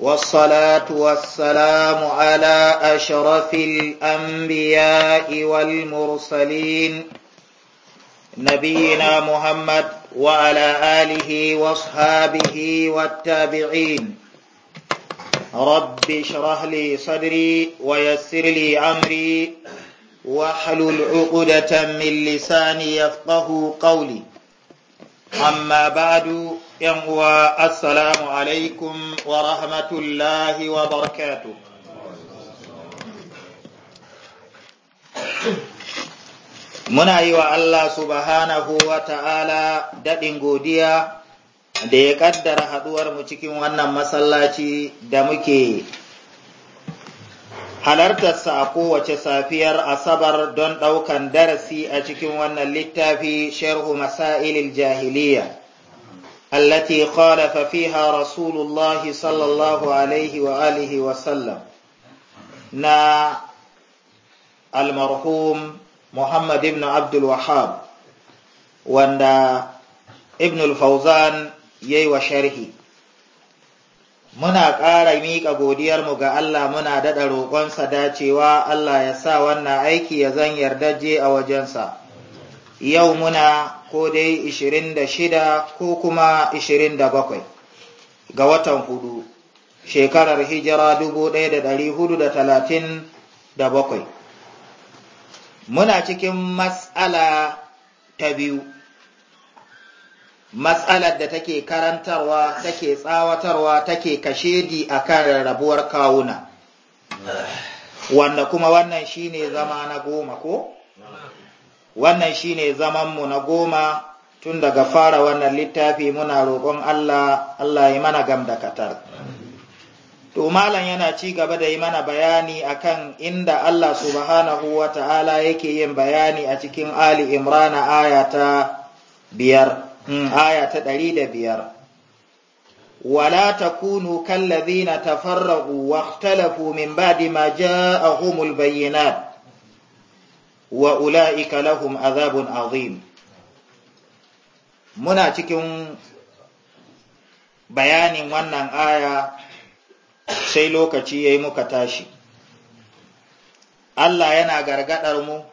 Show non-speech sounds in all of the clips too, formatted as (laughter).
والصلاة والسلام على أشرف الأنبياء والمرسلين نبينا محمد وعلى آله واصحابه والتابعين رب اشرح لي صدري ويسر لي أمري واحلل عقدة من لساني يفقه قولي Amma ba'du ‘yan uwa, Assalamu alaikum wa rahmatullahi wa barakatu. Muna yi wa Allah subhanahu wa ta'ala daɗin godiya da ya ƙaddara haɗuwar mu cikin wannan masallaci da muke halartarsa a kowace safiyar asabar don ɗaukan darasi a cikin wannan littafi sharhu masailil jahiliya allati khalafa fiha rasulullah sallallahu alaihi wa alihi wa sallam na almarhum muhammad ibn abdul wahab wanda ibn al-fawzan yayi wa sharhi muna ƙara miƙa godiyarmu ga Allah muna daɗa roƙonsa dacewa Allah ya sa wannan aiki ya zan yarda je a wajensa. Yau muna ko dai ishirin da shida ko kuma ishirin da bakwai, ga watan hudu, shekarar hijira dubu ɗaya da da da ɗari talatin hudu bakwai. Muna cikin matsala ta biyu. matsalar da take karantarwa take tsawatarwa take kashedi a kan rarrabuwar kawuna wanda kuma wannan shine zama na goma ko wannan shine zamanmu na goma tun daga fara wannan littafi muna roƙon Allah Allah ya mana gam da katar to malam yana ci gaba da yi mana bayani akan inda Allah subhanahu wata'ala yake yin bayani a cikin Ali imrana aya ta biyar Mm, aya ta ɗari da biyar wala takunu kallazina tafarraqu wahtalafu min ba'di ma ja'ahumul bayyinat wa ula'ika lahum azabun azim muna cikin bayanin wannan aya sai lokaci ya yi muka tashi Allah yana gargadar mu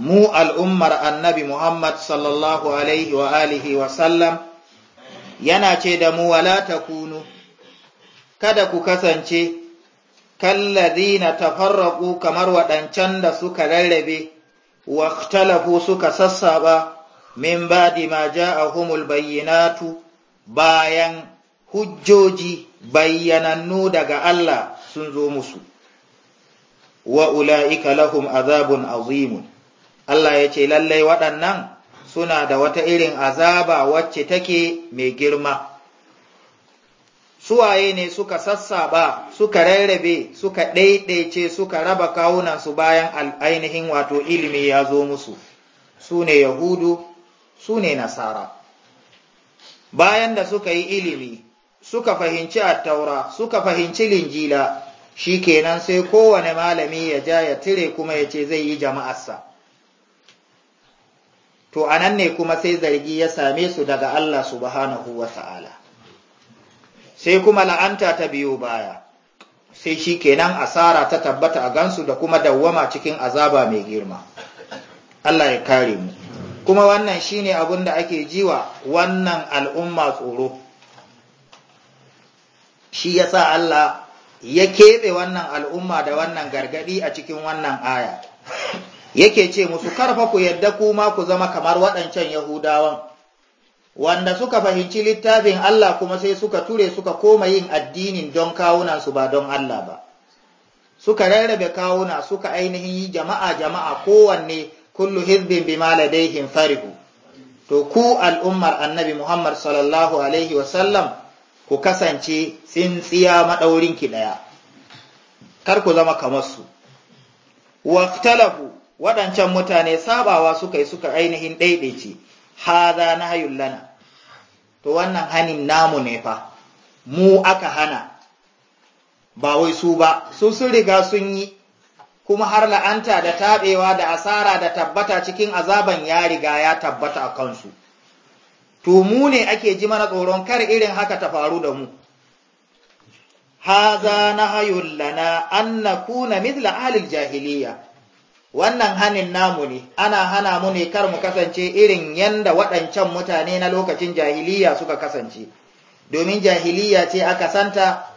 mu al'ummar annabi Muhammad sallallahu alaihi wa alihi wa sallam yana ce da mu wala kunu, kada ku kasance kallazina tafarraqu kamar waɗancan da suka rarrabe wa ikhtalafu suka ba min ba'di ma ja'ahumul bayyinatu bayan hujjoji bayyanannu daga Allah sun zo musu wa ula'ika lahum azabun Azimu. Allah ya ce lallai waɗannan suna da wata irin azaba wacce take mai girma. Suwaye ne suka sassaba, suka rarrabe, suka ɗaiɗaice, suka raba kawunansu bayan ainihin wato ilimi ya zo musu, su ne Yahudu, su ne Nasara. Bayan da suka yi ilimi, suka fahimci attaura, suka fahimci linjila, shi kenan sai kowane malami ya ja ya tire kuma ya ce zai yi jama'arsa. to a nan ne kuma sai zargi ya same su daga Allah subhanahu wa ta'ala sai kuma la'anta ta biyo baya sai shi kenan asara ta tabbata a gansu da kuma dawwama cikin azaba mai girma Allah ya kare mu kuma wannan shine abin da ake jiwa wannan al'umma tsoro shi ya sa Allah ya keɓe wannan al'umma da wannan gargaɗi a cikin wannan aya yake ce musu karfa ku yadda ma ku zama kamar waɗancan Yahudawan, wanda suka fahimci littafin Allah kuma sai suka ture suka koma yin addinin don kawunansu ba don Allah ba. Suka rarrabe kawuna suka ainihin yi jama'a jama'a kowanne kullu hizbin bi farihu. To ku al'ummar annabi Muhammad sallallahu Alaihi wasallam ku kasance tsintsiya maɗaurinki ɗaya, kar ku zama kamar su. waɗancan mutane sabawa suka yi suka ainihin ɗaiɗaice haza na lana to wannan hanin namu ne fa mu aka hana ba wai su ba su sun riga sun yi kuma har la'anta da taɓewa da asara da tabbata cikin azaban ya riga ya tabbata a kansu to mu ne ake ji mana tsoron kar irin haka ta faru da mu haza na hayullana an na kuna mithla ahlil jahiliya wannan hannun namu ne ana hana mu ne kar mu kasance irin yanda waɗancan mutane na lokacin jahiliya suka kasance domin jahiliya ce aka santa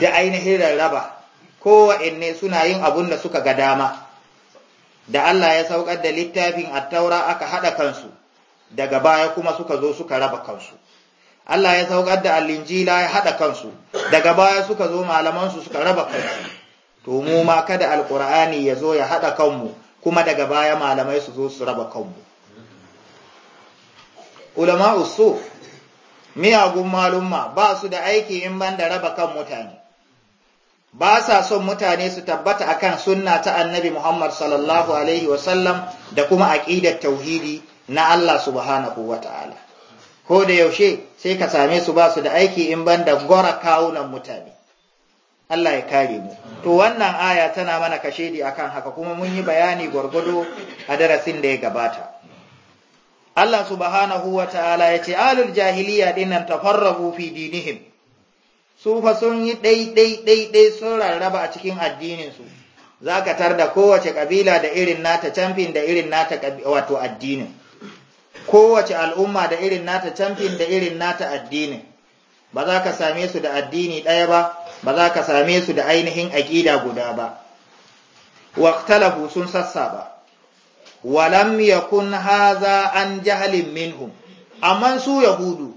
da ainihin rarraba kowanne suna yin abun da suka ga dama da Allah ya saukar da littafin attaura aka haɗa kansu daga baya kuma suka zo suka raba kansu Allah ya saukar da alinjila ya haɗa kansu daga baya suka zo malamansu suka raba kansu to mu ma kada alkur'ani ya zo ya haɗa kanmu kuma daga baya malamai su zo su raba kanmu ulama usu miyagun malumma ba su da aiki in ban da raba kan mutane ba sa son mutane su tabbata akan sunna ta annabi Muhammad sallallahu alaihi wasallam da kuma aƙidar tauhidi na Allah subhanahu wa ta'ala ko da yaushe sai ka same su ba su da aiki in ban da gora kawunan mutane Allah ya kare mu to wannan aya tana mana kashedi kan haka kuma mun yi bayani gwargwado a darasin da ya gabata Allah subhanahu wa ta'ala ya ce alul jahiliya dinnan tafarrahu fi dinihim su fa sun yi ɗai ɗai sun rarraba a cikin addininsu. Za ka tar da kowace kabila da irin nata camfin da irin nata wato addinin kowace al'umma da irin nata camfin da irin nata addinin ba za ka same su da addini ɗaya ba ba za ka same su da ainihin aƙida guda ba waqtalahu sun sassa ba walam yakun haza an jahalin minhum amma su yahudu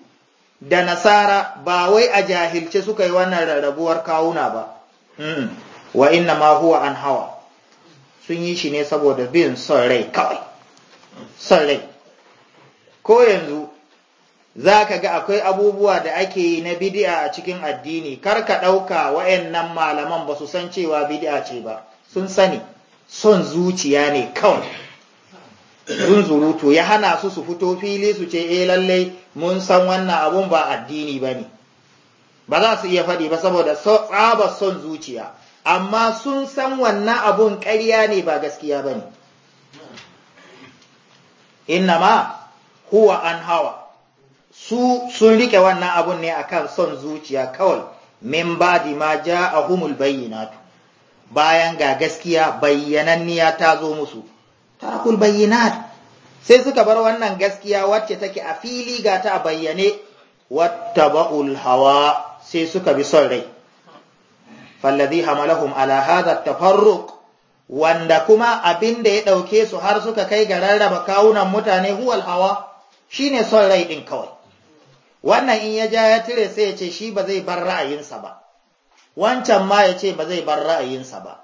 da nasara ba wai a jahilce suka yi wannan rarrabuwar kawuna ba hmm. wa inna ma huwa an hawa sun yi shi ne saboda bin son rai kawai son rai ko yanzu za ka ga akwai abubuwa da ake yi na bidi'a a cikin addini kar ka ɗauka wa'annan malaman ba su san cewa bidi'a ce ba sun sani son zuciya ne kawai zunzurutu ya hana su su fito fili su ce eh lallai mun san wannan abun ba addini ba ne ba za su iya faɗi ba saboda tsaba son zuciya amma sun san wannan abun ƙarya ne ba gaskiya ba ne ma huwa an hawa su sun rike wannan abun ne akan son zuciya kawai min ba di ma ja a humul tu, bayan ga gaskiya bayyananniya ta zo musu tarakul bayyinat sai suka bar wannan gaskiya wacce take a fili ga ta bayyane. bayyane ba'ul hawa sai suka bi son rai fallazi hamalahum ala hadha tafarruq wanda kuma abin da ya dauke su har suka kai ga rarraba kawunan mutane huwal hawa shine son rai din kawai wannan in ya ja ya tire sai ya ce shi ba zai bar ra'ayinsa ba wancan ma ya ce ba zai bar ra'ayinsa ba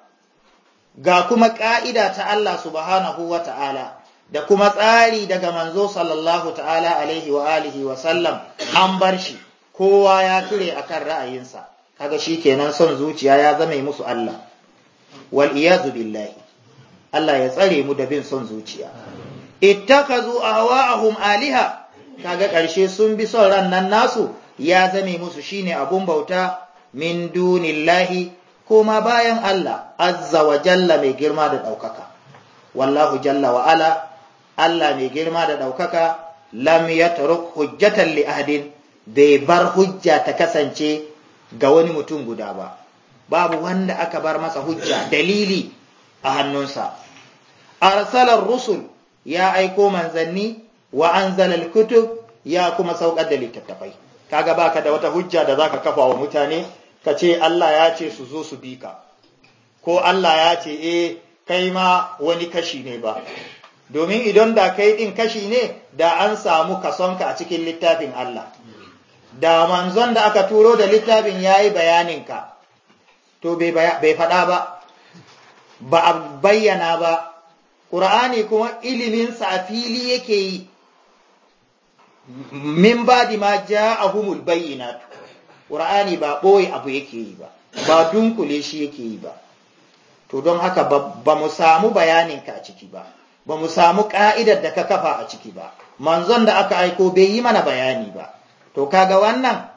ga kuma ƙa'ida ta Allah subhanahu wa ta'ala da kuma tsari daga manzo sallallahu ta'ala alaihi wa alihi wa sallam an bar shi kowa ya tire a kan ra'ayinsa kaga shi kenan son zuciya ya zama musu Allah wal iyazu billahi Allah ya tsare mu da bin son zuciya ittakazu ahwa'ahum aliha kaga ƙarshe sun bi son ran nan nasu ya zame musu shine abun bauta min dunillahi kuma bayan Allah azza wa jalla mai girma da ɗaukaka wallahu jalla wa ala Allah mai girma da ɗaukaka lam yatruk hujjatan li bai bar hujja ta kasance ga wani mutum guda ba babu wanda aka bar masa hujja dalili a hannunsa arsalar rusul ya aiko manzanni wa zalal kutub ya kuma saukar da littattafai kaga baka da wata hujja da zaka kafa wa mutane ka ce Allah ya ce su zo su bi ka ko Allah ya ce e kai ma wani kashi ne ba domin idan da kai din kashi ne da an samu kasonka a cikin littafin Allah da manzon da aka turo da littafin ya yayi bayaninka to bai faɗa ba ba a bayyana ba ƙur'ani kuma iliminsa a fili yake yi min di ma humul bayyana qur'ani ba ɓoye abu yake yi ba ba dunkule shi yake yi ba to don haka ba mu samu bayaninka a ciki ba ba mu samu ƙa'idar da ka kafa a ciki ba manzon da aka aiko bai yi mana bayani ba to kaga wannan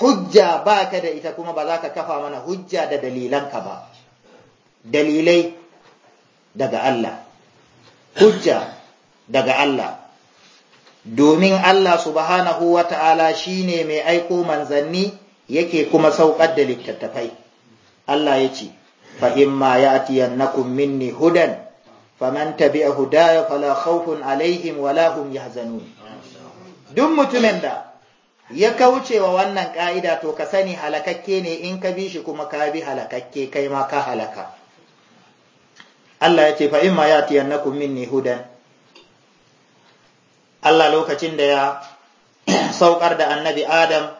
hujja ba ka da ita kuma ba za ka kafa mana hujja da dalilanka ba dalilai daga Allah hujja daga Allah domin Allah subhanahu wa ta'ala shi ne mai aiko manzanni yake kuma sauƙar da littattafai. Allah ya ce, ma ya atiyan na minni hudan, faman tabi'a hudaya fala khawfun alaihim wala ya yahzanun. Duk mutumin da ya kauce wa wannan ƙa'ida to ka sani halakakke ne in ka bi shi kuma ka bi halakakke kai ma ka halaka. Allah ya ce, ma ya atiyan na minni hudan, Allah lokacin da ya saukar da annabi Adam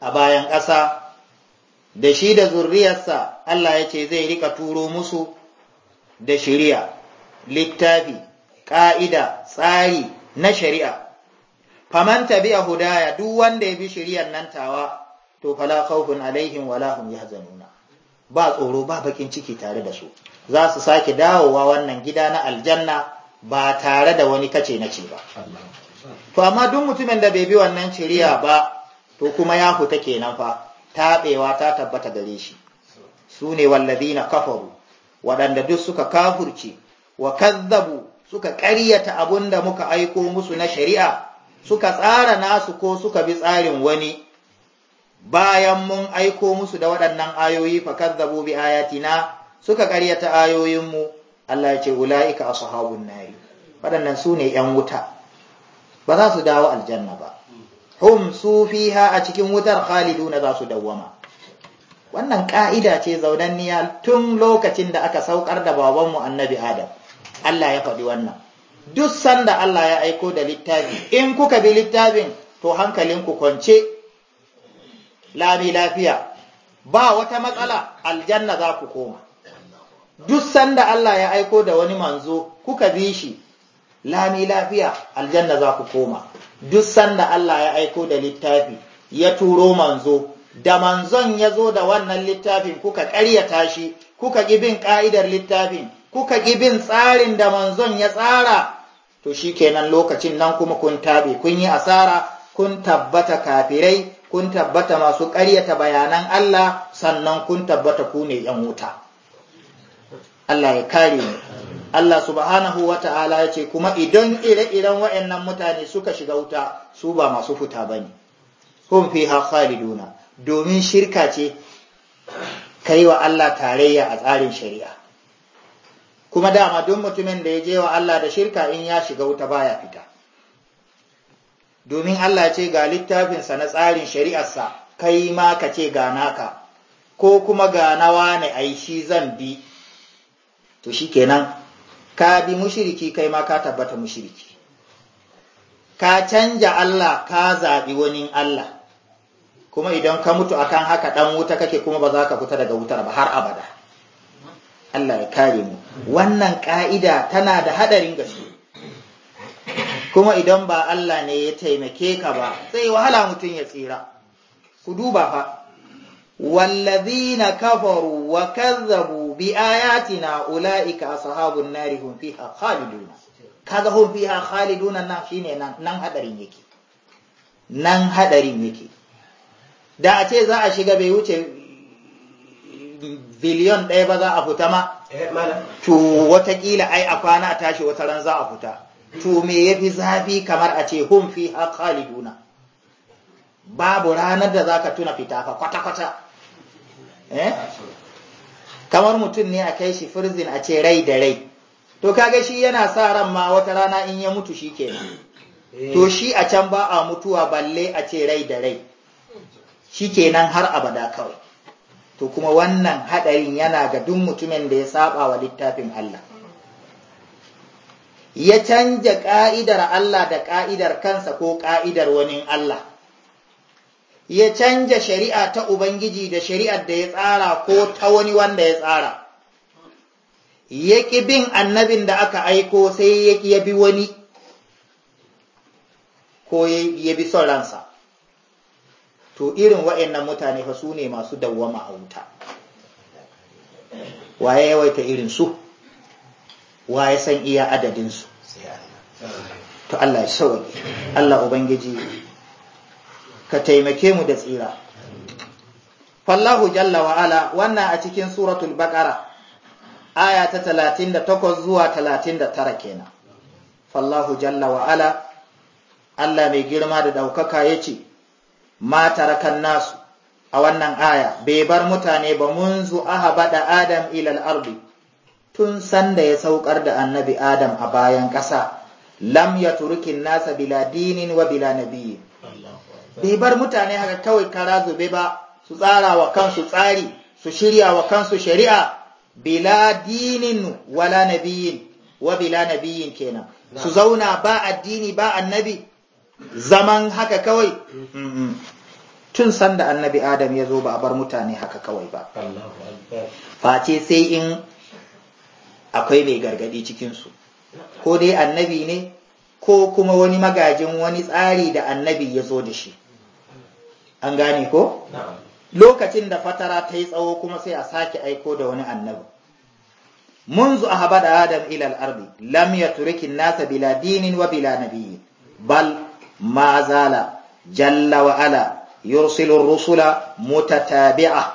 a bayan ƙasa, da shi da zurriyarsa Allah ya ce zai rika turo musu da shari'a, littafi, ƙa'ida, tsari na shari'a. Faman a hudaya duk wanda ya bi shari'ar nan tawa, to fala khawfun alaihim wala hum yahzanuna. Ba tsoro ba bakin ciki tare da su. Za su sake dawowa wannan gida na aljanna ba tare da wani kace na ce ba to amma duk mutumin da bai bi wannan shari'a ba to kuma ya fita kenan fa taɓewa ta tabbata gare shi su ne na kafaru waɗanda duk suka kafurci wa kazzabu suka ƙaryata abun da muka aiko musu na shari'a suka tsara nasu ko suka bi tsarin wani bayan mun aiko musu da waɗannan ayoyi fa kazzabu bi ayatina suka ƙaryata ayoyinmu Allah ya ce wula'ika ashabun nari waɗannan su ne ‘yan wuta ba za su dawo aljanna ba hum su fiha a cikin wutar khaliduna za su dawwama wannan ƙa'ida ce zaunanniya tun lokacin da aka saukar da babanmu annabi adam Allah ya faɗi wannan duk sanda Allah ya aiko da littafi in kuka bi littafin to hankalin ku kwance lami lafiya ba wata matsala aljanna za ku koma duk sanda Allah ya aiko da wani manzo kuka bi shi lami lafiya aljanna za ku koma duk sanda Allah ya aiko da littafi ya turo manzo da manzon ya zo da wannan littafin kuka ƙaryata shi kuka gibin bin ƙa'idar littafin kuka gibin tsarin da manzon ya tsara to shi kenan lokacin nan kuma kun tabe kun yi asara kun tabbata kafirai kun tabbata masu ƙaryata bayanan Allah sannan kun tabbata ku ne ‘yan wuta. Allah ya kare mu Allah subhanahu wa ta'ala ya ce kuma idan ire-iren wa'annan mutane suka shiga wuta su ba masu fita ba ne hum fiha khaliduna domin shirka ce kai wa Allah tarayya a tsarin shari'a kuma dama duk mutumin da ya je wa Allah da shirka in ya shiga wuta baya fita domin Allah ce ga littafinsa na tsarin shari'arsa kai ma ka ce ga naka ko kuma ga nawa ne ai shi zan bi to kenan, ka bi mushiriki kai ma ka tabbata mushiriki ka canja Allah ka zaɓi wani Allah kuma idan ka mutu akan haka ɗan wuta kake kuma ba za ka fita daga wutar ba har abada Allah ya kare mu wannan ƙa'ida tana da haɗarin gaske kuma idan ba Allah ne ya taimake ka ba sai wahala mutum ya tsira ku duba fa والذين كفروا وكذبوا بآياتنا أولئك أصحاب النار هم فيها خالدون kaga hun fiha khaliduna nan shine nan hadarin yake nan hadarin yake da a ce za a shiga bai wuce biliyon ɗaya ba za a fita ma to watakila ai a kwana a tashi wata ran za a fita to me yafi zafi kamar a ce hun khaliduna babu ranar da zaka tuna fita ka kwata kwata Eh? kamar mutum ne a kai shi firzin a ce rai da rai to kaga shi yana sa ran ma wata rana in ya mutu shi kenan eh. to shi a can ba a mutuwa balle a ce rai da rai shi kenan har abada kawai to kuma wannan haɗarin yana ga duk mutumin da ya saba wa littafin Allah ya canja ka'idar Allah da ka'idar kansa ko ka'idar wani Allah ya canja shari'a ta Ubangiji da shari'ar da ya tsara ko ta wani wanda ya tsara, ya ƙi bin annabin da aka aiko sai ya ƙi ya bi wani ko ya bi son ransa. To irin wa'yannan mutane fa su ne masu dawwama a wuta. Waye yawaita irin su, waye san iya adadinsu. To Allah ya Allah Ubangiji ka taimake mu da tsira fallahu jalla wa'ala, wannan a cikin suratul baqara aya ta talatin da takwas zuwa talatin da tara kenan fallahu jalla wa'ala. Allah mai girma da ɗaukaka ya ce, Ma tarakan nasu a wannan aya, bai bar mutane ba munzu aha da Adam ilal ardi tun sanda ya saukar da annabi Adam a bayan ƙasa, lam ya turukin nasa bila dinin wa bila nabiyi. bai bar mutane haka kawai kara zobe ba su tsara wa kansu tsari su shirya wa kansu shari'a bila dinin wala nabiyin wa bila nabiyin kenan su zauna ba addini ba annabi zaman haka kawai tun sanda annabi adam ya zo ba a bar mutane haka kawai ba face sai in akwai mai gargadi cikinsu ko dai annabi ne ko kuma wani magajin wani tsari da annabi ya zo da shi an gane ko? Lokacin da fatara ta yi tsawo kuma sai a sake aiko da wani annabi. Munzu a haɓa da Adam ilal arbi, lam turikin nasa bila dinin wa bila nabiyyi, bal ma jalla wa'ala, ala, yursilun rusula mutatabi'a.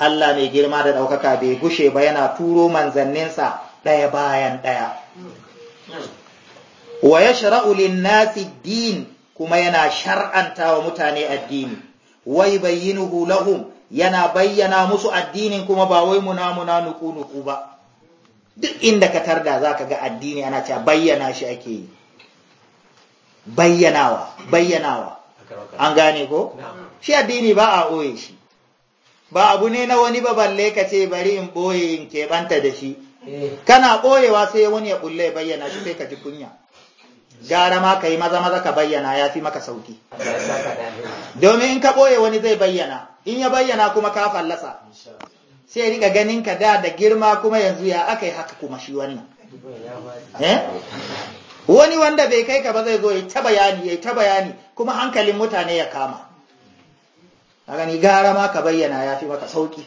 Allah mai girma da ɗaukaka bai gushe ba yana turo manzanninsa ɗaya bayan ɗaya. Hmm. Wa ya shara'ulin nasi din kuma yana shar'anta wa mutane addini wai bayyinuhu lahum yana bayyana musu addinin kuma ba wai muna muna nuku nuku ba duk inda ka tarda zaka ga addini ana cewa bayyana shi ake yi bayyanawa bayyanawa an gane ko shi addini ba a oye shi ba abu ne na wani ba balle ka ce bari in ɓoye in keɓanta da shi eh. kana ɓoyewa sai wani ya ɓulle bayyana shi sai ka ji kunya gara ma ka yi maza maza ka bayyana ya fi maka sauki domin in ka ɓoye wani zai bayyana in ya bayyana kuma ka fallasa sai rika ganin ka da da girma kuma yanzu ya aka yi haka kuma shi wannan eh? wani wanda bai kai ka ba zai zo ya ta bayani ya ta bayani kuma hankalin mutane ya kama a gani gara ma ka bayyana ya fi maka sauki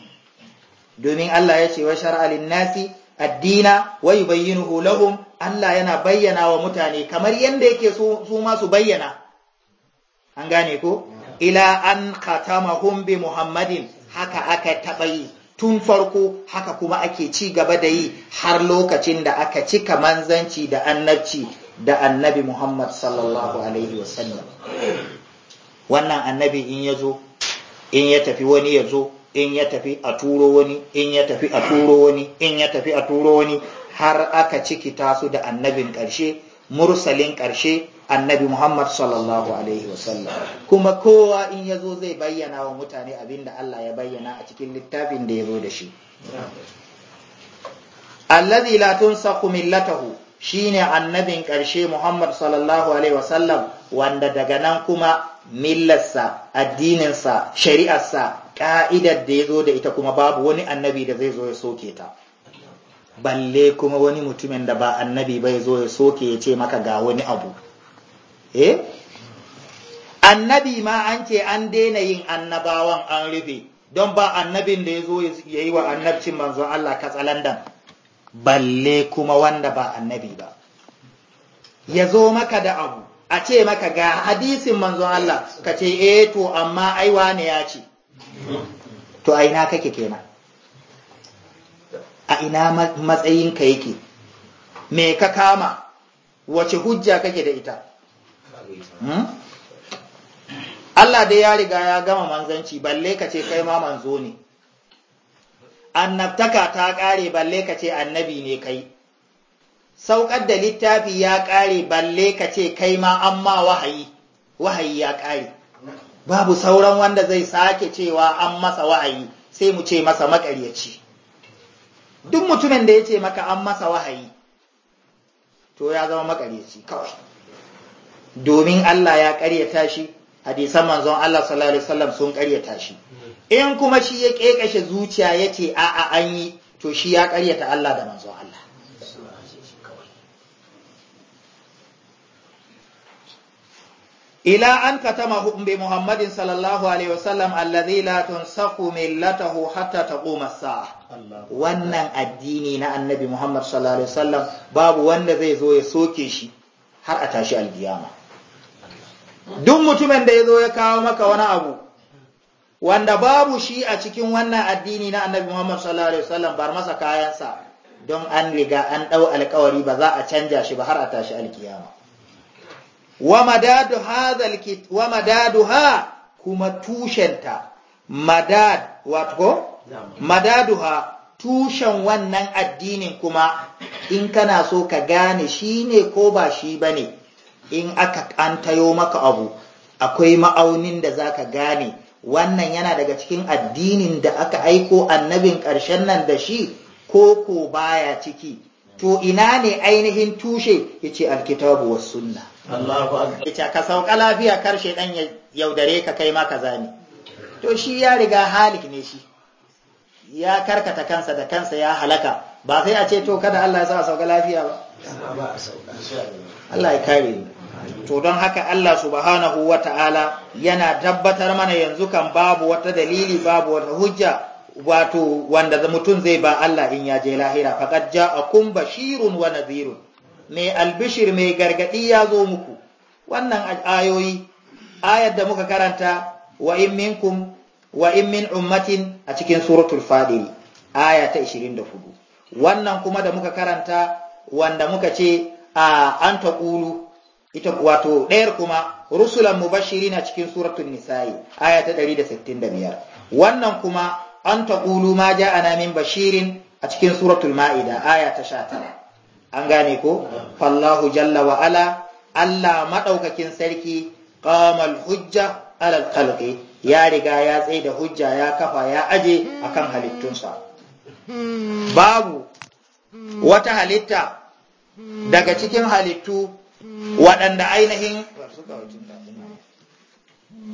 domin Allah ya ce wa shar'alin nasi addina wa yubayyinuhu lahum Allah yana bayyana wa mutane kamar yanda yake su ma su bayyana an gane ko ila an khatamahum bi muhammadin haka aka taɓa yi tun farko haka kuma ake ci gaba da yi har lokacin da aka cika manzanci da annabci da annabi muhammad sallallahu alaihi wasallam wannan annabi in ya zo in ya tafi wani ya zo in ya tafi a turo wani in ya tafi a turo wani in ya tafi a turo wani har aka ciki tasu da annabin ƙarshe mursalin ƙarshe annabi Muhammad sallallahu alaihi wasallam kuma kowa in ya zo zai bayyana wa mutane abin da Allah ya bayyana a cikin littafin da ya zo da shi allazi la tunsaqu millatahu shine annabin ƙarshe Muhammad sallallahu alaihi wasallam wanda daga nan kuma millarsa addininsa shari'arsa Ka'idar da ya zo da ita kuma babu wani annabi da zai zo ya soke ta balle kuma wani mutumin da ba annabi bai zo ya soke ya ce maka ga wani abu eh annabi ma an ce an daina yin annabawan an rufe don ba annabin da ya zo ya yi wa annabcin manzon Allah katsalandan balle kuma wanda ba annabi ba ya zo maka da abu a ce maka ga hadisin manzon Allah ka ce eh to amma aiwa ne ya ce to a ina kake kenan a ina matsayinka yake me ka kama wace hujja kake da ita hmm? Allah dai ya riga ya gama manzanci balle ka ce kai ma manzo ne annabtaka ta ƙare balle ka ce annabi ne kai Sauƙar da littafi ya ƙare balle ka ce kai ma amma wahayi wahayi ya ƙare babu sauran wanda zai sake cewa an masa wa'ayi sai mu ce masa makaryaci duk mutumin da ya ce maka an masa wahayi to ya zama makaryaci kawai domin Allah ya karyata shi hadisan manzon Allah sallallahu alaihi wasallam sun karyata shi in kuma shi ya kekashe zuciya yace a'a an yi to shi ya karyata Allah da manzon Allah ila an katama bi Muhammadin sallallahu alaihi wasallam alladhi la tunsaqu millatahu hatta taquma sa'a wannan addini na annabi Muhammad sallallahu alaihi wasallam babu wanda zai zo ya soke shi har a tashi alkiyama duk mutumin da ya zo ya kawo maka wani abu wanda babu shi a cikin wannan addini na annabi Muhammad sallallahu alaihi wasallam bar masa kayansa don an riga an dau alkawari ba za a canja shi ba har a tashi alkiyama wa madadu hadhal madaduha kuma tushenta madad wato madaduha tushen wannan addinin kuma in kana so ka gane shi ne ko ba shi bane, in aka kantayo maka abu akwai ma'aunin da za ka gane wannan yana daga cikin addinin da aka aiko annabin ƙarshen nan da shi ko ko baya ciki to ina ne ainihin tushe ya ce alkitabu wa sunna Allahu akbar ka sauka lafiya kar shaidan ya yaudare ka kai ma kaza ne to shi ya riga halik ne shi ya karkata kansa da kansa ya halaka ba sai a ce to kada Allah ya sa sauka lafiya ba Allah ya kare ni to don haka Allah subhanahu wa ta'ala yana tabbatar mana yanzu kan babu wata dalili babu wata hujja wato wanda mutum zai ba Allah in ya je lahira faqad ja'akum bashirun wa nadhirun mai albishir mai gargadi ya zo muku wannan ayoyi ayar da muka karanta wa in minkum wa in min ummatin a cikin suratul fadil aya ta 24 wannan kuma da muka karanta wanda muka ce a an taqulu ita wato ɗayar kuma rusulan mubashirin a cikin suratul nisa'i aya ta 165 wannan kuma an taqulu ma ja'ana min bashirin a cikin suratul ma'ida aya ta 19 an gane ko fallahu jalla wa ala Allah madaukakin sarki qamal hujja ala khalqi ya riga ya tsaye da hujja ya kafa ya aje akan halittunsa babu wata halitta daga cikin halittu waɗanda ainihin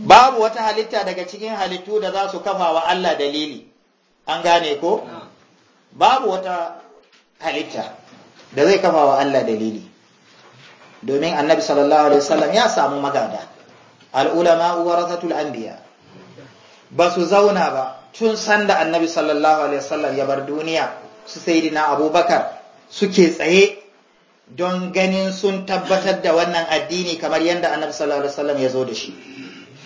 babu wata halitta daga cikin halittu da za su kafa wa Allah dalili an gane ko babu wata halitta da zai kafa wa Allah dalili domin annabi sallallahu alaihi wasallam ya samu magada al'ulama warathatul anbiya ba su zauna ba tun sanda annabi sallallahu alaihi wasallam ya bar duniya su sayyidina abubakar suke tsaye don ganin sun tabbatar da wannan addini kamar yadda annabi sallallahu alaihi wasallam ya zo da shi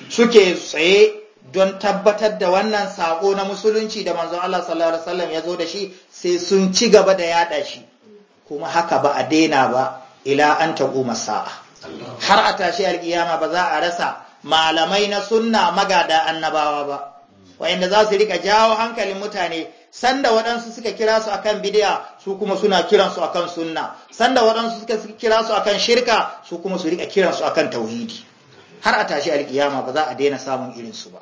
suke tsaye don tabbatar da wannan sako na musulunci da manzon Allah sallallahu alaihi wasallam ya zo da shi sai sun ci gaba da yada shi kuma haka ba a daina ba ila an taquma sa'a har a tashi alkiyama ba za a rasa malamai na sunna magada annabawa ba wayanda za su rika jawo hankalin mutane sanda waɗansu suka kira su akan bidiya su kuma suna kiran su akan sunna sanda waɗansu suka kira su akan shirka su kuma su rika kiran su akan tauhidi har a tashi alkiyama ba za a daina samun irin su ba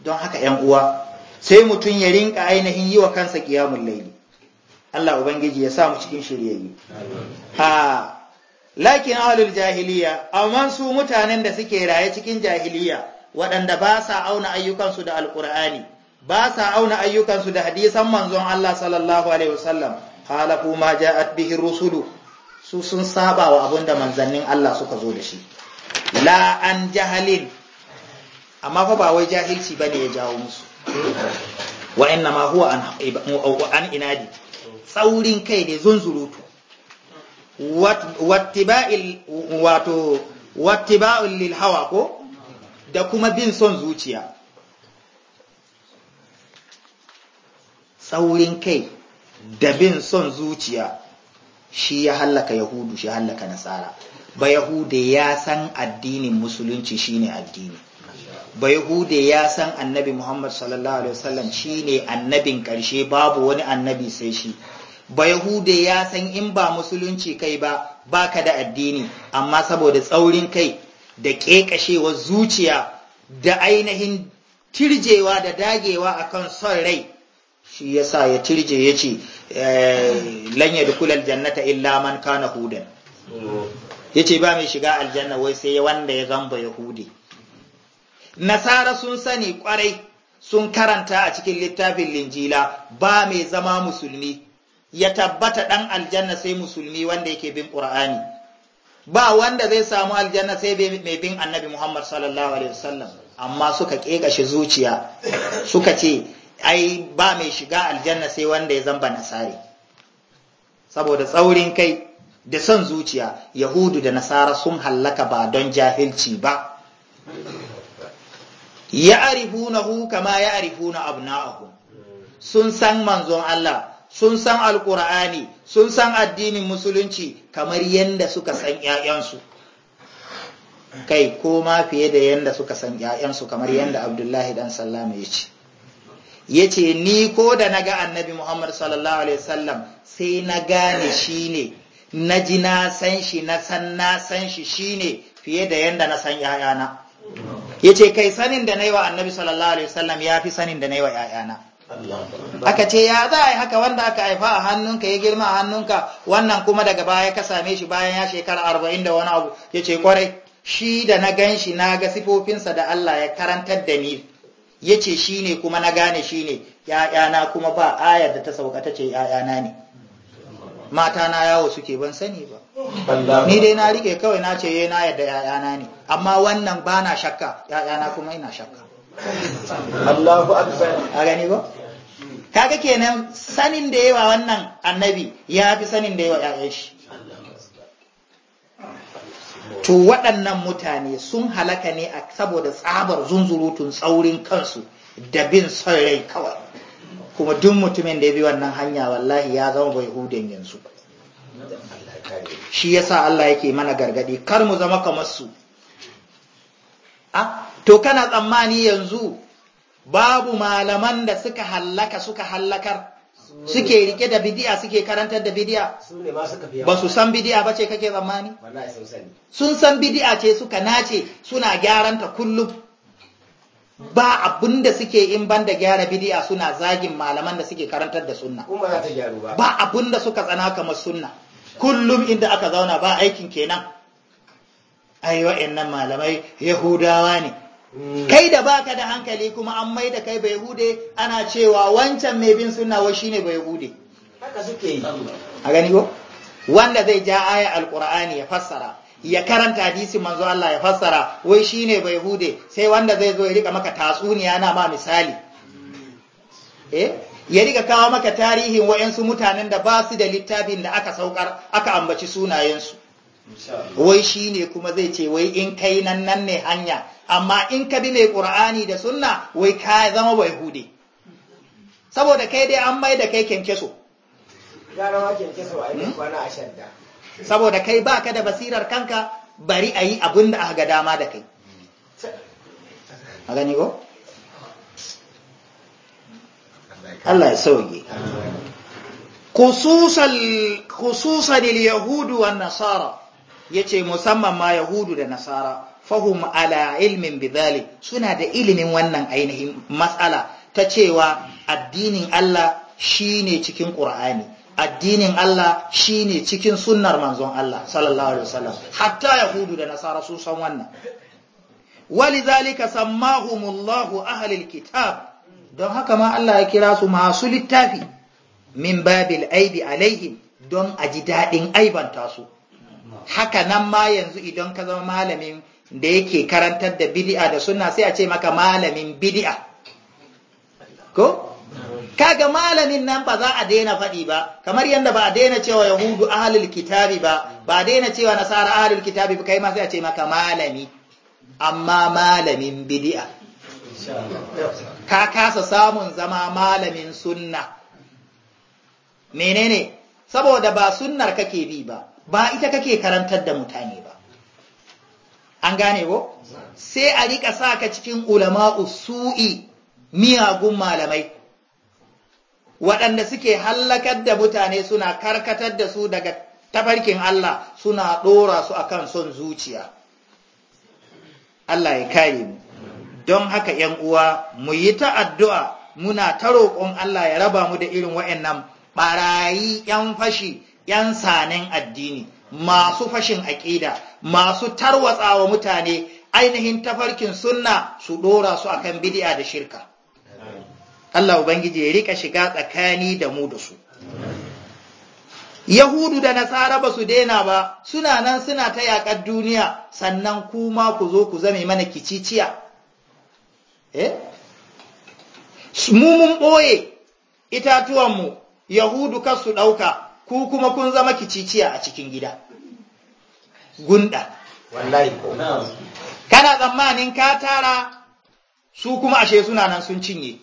don haka yan uwa sai mutum ya rinka ainihin yi wa kansa ƙiyamun layli Allah ubangiji ya samu cikin shiryayyu ha lakin ahalul jahiliya amma su mutanen da suke raye cikin jahiliya waɗanda ba sa auna ayyukansu da alkur'ani ba sa auna ayyukansu da hadisan manzon Allah sallallahu alaihi wasallam halafu ma ja'at bihin rusulu su sun saba wa abin da manzannin Allah suka zo da shi la an jahalin amma fa ba wai jahilci ba ne ya jawo musu Wa'in na ma huwa an inadi tsaurin kai ne zunzurutu wattiba'in lil hawa ko da kuma bin son zuciya tsaurin kai da bin son zuciya shi ya hallaka yahudu shi hallaka nasara ba yahude ya san addinin musulunci shine addini ba yahude ya san annabi muhammad sallallahu alaihi wasallam shine annabin ƙarshe, babu wani annabi sai shi ba yahude ya san in ba musulunci kai ba ba ka da addini amma saboda tsaurin kai da ƙeƙashewar zuciya da ainihin tirjewa da dagewa a kan son rai shi ya sa ya tirje ya ce eh, lan kulal jannata illa man kana hudan ce ba mai shiga aljanna wai sai wanda ya zamba yahudi nasara sun sani kwarai sun karanta a cikin littafin linjila ba mai zama musulmi ya tabbata ɗan aljanna sai musulmi wanda yake bin ƙur'ani ba wanda zai samu aljanna sai mai bin annabi muhammad sallallahu alaihi wasallam amma suka shi zuciya suka ce ai ba mai shiga aljanna sai wanda ya zamba nasari saboda tsaurin kai da son zuciya yahudu da nasara sun hallaka ba don jahilci ba ya hu kama ya arifuna abna'ahum sun san manzon Allah sun san alkur'ani sun san addinin musulunci kamar yadda suka san ‘ya'yansu kai ko ma fiye da yadda suka san ‘ya'yansu kamar yadda abdullahi dan sallama ya ce ya ce ni ko da na ga annabi muhammad sallallahu alaihi wasallam sai na gane shi ne na ji na san shi na san na san shi shi ne fiye da yadda na san ‘ya'yana ya ce kai sanin da na yi wa annabi sallallahu alaihi wasallam ya fi sanin da na yi wa ‘ya'yana aka ce ya za a yi haka wanda aka haifa a hannunka ya girma a hannunka wannan kuma daga baya ka same shi bayan ya shekara arba'in da wani abu ya ce kwarai shi da na gan shi na ga sifofinsa da Allah ya karantar da ni ya ce shi ne kuma na gane shi ne ‘ya'yana kuma ba ayar da ta sauka ta ce ‘ya'yana ne mata na yawo suke ban sani ba ni dai na rike kawai na ce ye eh, yadda ‘ya'yana ne amma wannan ba na shakka ‘ya'yana kuma ina shakka Allahu akbar a gani ba kaga kenan sanin da yawa wannan annabi ya fi sanin da yawa ‘ya'yan shi to waɗannan mutane sun halaka ne a saboda tsabar zunzurutun tsaurin kansu da bin son rai kawai kuma duk mutumin da ya bi wannan hanya wallahi ya zama bai hudun yanzu shi yasa Allah yake mana gargadi kar mu zama kamar su ah, to kana tsammani yanzu babu malaman da suka hallaka suka hallakar suke rike da bidiya suke karantar da bidiya ba su san bidiya ba ce kake zamani? sun san bidiya ce suka nace suna gyaranta kullum ba abinda da suke in ban da gyara bidiya suna zagin malaman da suke karantar da sunna ba abinda suka tsana kamar sunna kullum inda aka zauna ba aikin kenan ai wa'annan malamai yahudawa ne kai da baka da hankali kuma an mai da kai bai hude ana cewa wancan mai bin suna wai shine bai hude a gani ko wanda zai ja aya alqur'ani ya fassara ya karanta hadisi manzo Allah ya fassara wai shine bai hude sai wanda zai zo ya rika maka tatsuniya na ma misali eh ya rika kawo maka tarihin wayansu mutanen da ba su da littafin da aka saukar aka ambaci sunayensu wai shi ne kuma zai ce wai in kai nan nan ne hanya amma in ka bi mai ƙur'ani da sunna wai ka zama bai hude saboda kai dai an mai da kai kenkeso hmm? saboda kai ba ka da basirar kanka bari a yi abin da aka ga dama da kai hmm. a gani ko? Allah ya sauke. Khususan Yahudu wa Nasara yace musamman ma yahudu da nasara fahum ala ilmin bidhalik suna da ilimin wannan ainihin matsala ta cewa addinin Allah shine cikin Qur'ani addinin Allah shine cikin sunnar manzon Allah sallallahu alaihi wasallam hatta yahudu da nasara su san wannan walizalika sammahumullahu ahlul kitab don haka ma Allah ya kira su masu littafi min babil aibi alaihim don a ji daɗin aibanta su haka nan ma yanzu idan ka zama malamin da yake karantar da bid'a da sunna sai a ce maka malamin bid'a ko kaga malamin nan ba za a daina faɗi ba kamar yadda ba a daina cewa yahudu ahlul kitabi ba ba a daina cewa nasara ahlul kitabi ba kai ma sai a ce maka malami amma malamin bid'a ka kasa samun zama malamin sunna menene saboda ba sunnar kake bi ba ba ita kake karantar da mutane ba an gane ko sai a rika sa ka cikin ulama'u su'i miyagun malamai waɗanda suke hallakar da mutane suna karkatar da su daga tafarkin Allah suna ɗora su a kan son zuciya Allah ya kare mu don haka ‘yan uwa mu yi ta muna ta roƙon Allah ya raba mu da irin wa'yan ɓarayi ‘yan fashi 'yan sanin addini masu fashin aƙida masu tarwatsa wa mutane ainihin tafarkin sunna su ɗora su akan bid'a da shirka Allah Ubangiji ya rika shiga tsakani da mu da su Yahudu da Nasara ba su daina ba suna nan suna ta yaƙar duniya sannan kuma ku zo ku zame mana kiciciya eh mu mun ɓoye itatuwanmu Yahudu kar su ɗauka ku kuma kun zama kiciciya a cikin gida gunda wallahi ko kana tsammanin ka tara su kuma ashe suna nan sun cinye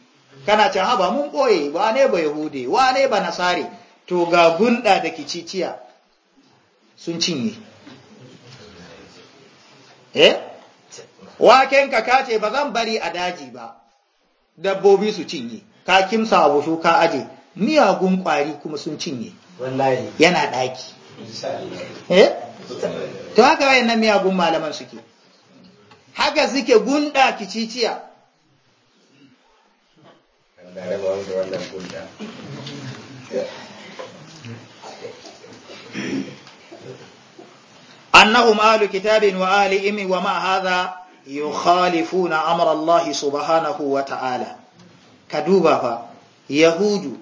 kana can ba mun boye wane ba yahude wane ba nasare to ga gunda da kiciciya sun cinye eh waken ka kace ba zan bari a daji ba dabbobi su cinye ka kimsa abu ka aje miyagun kwari kuma sun cinye yana ɗaki eh? to haka wayan nan miyagun malaman suke haka suke gunda kiciciya annahum ahlu kitabin wa ahli imi wa ma hadha yukhalifuna amra allahi subhanahu wa ta'ala ka duba fa yahudu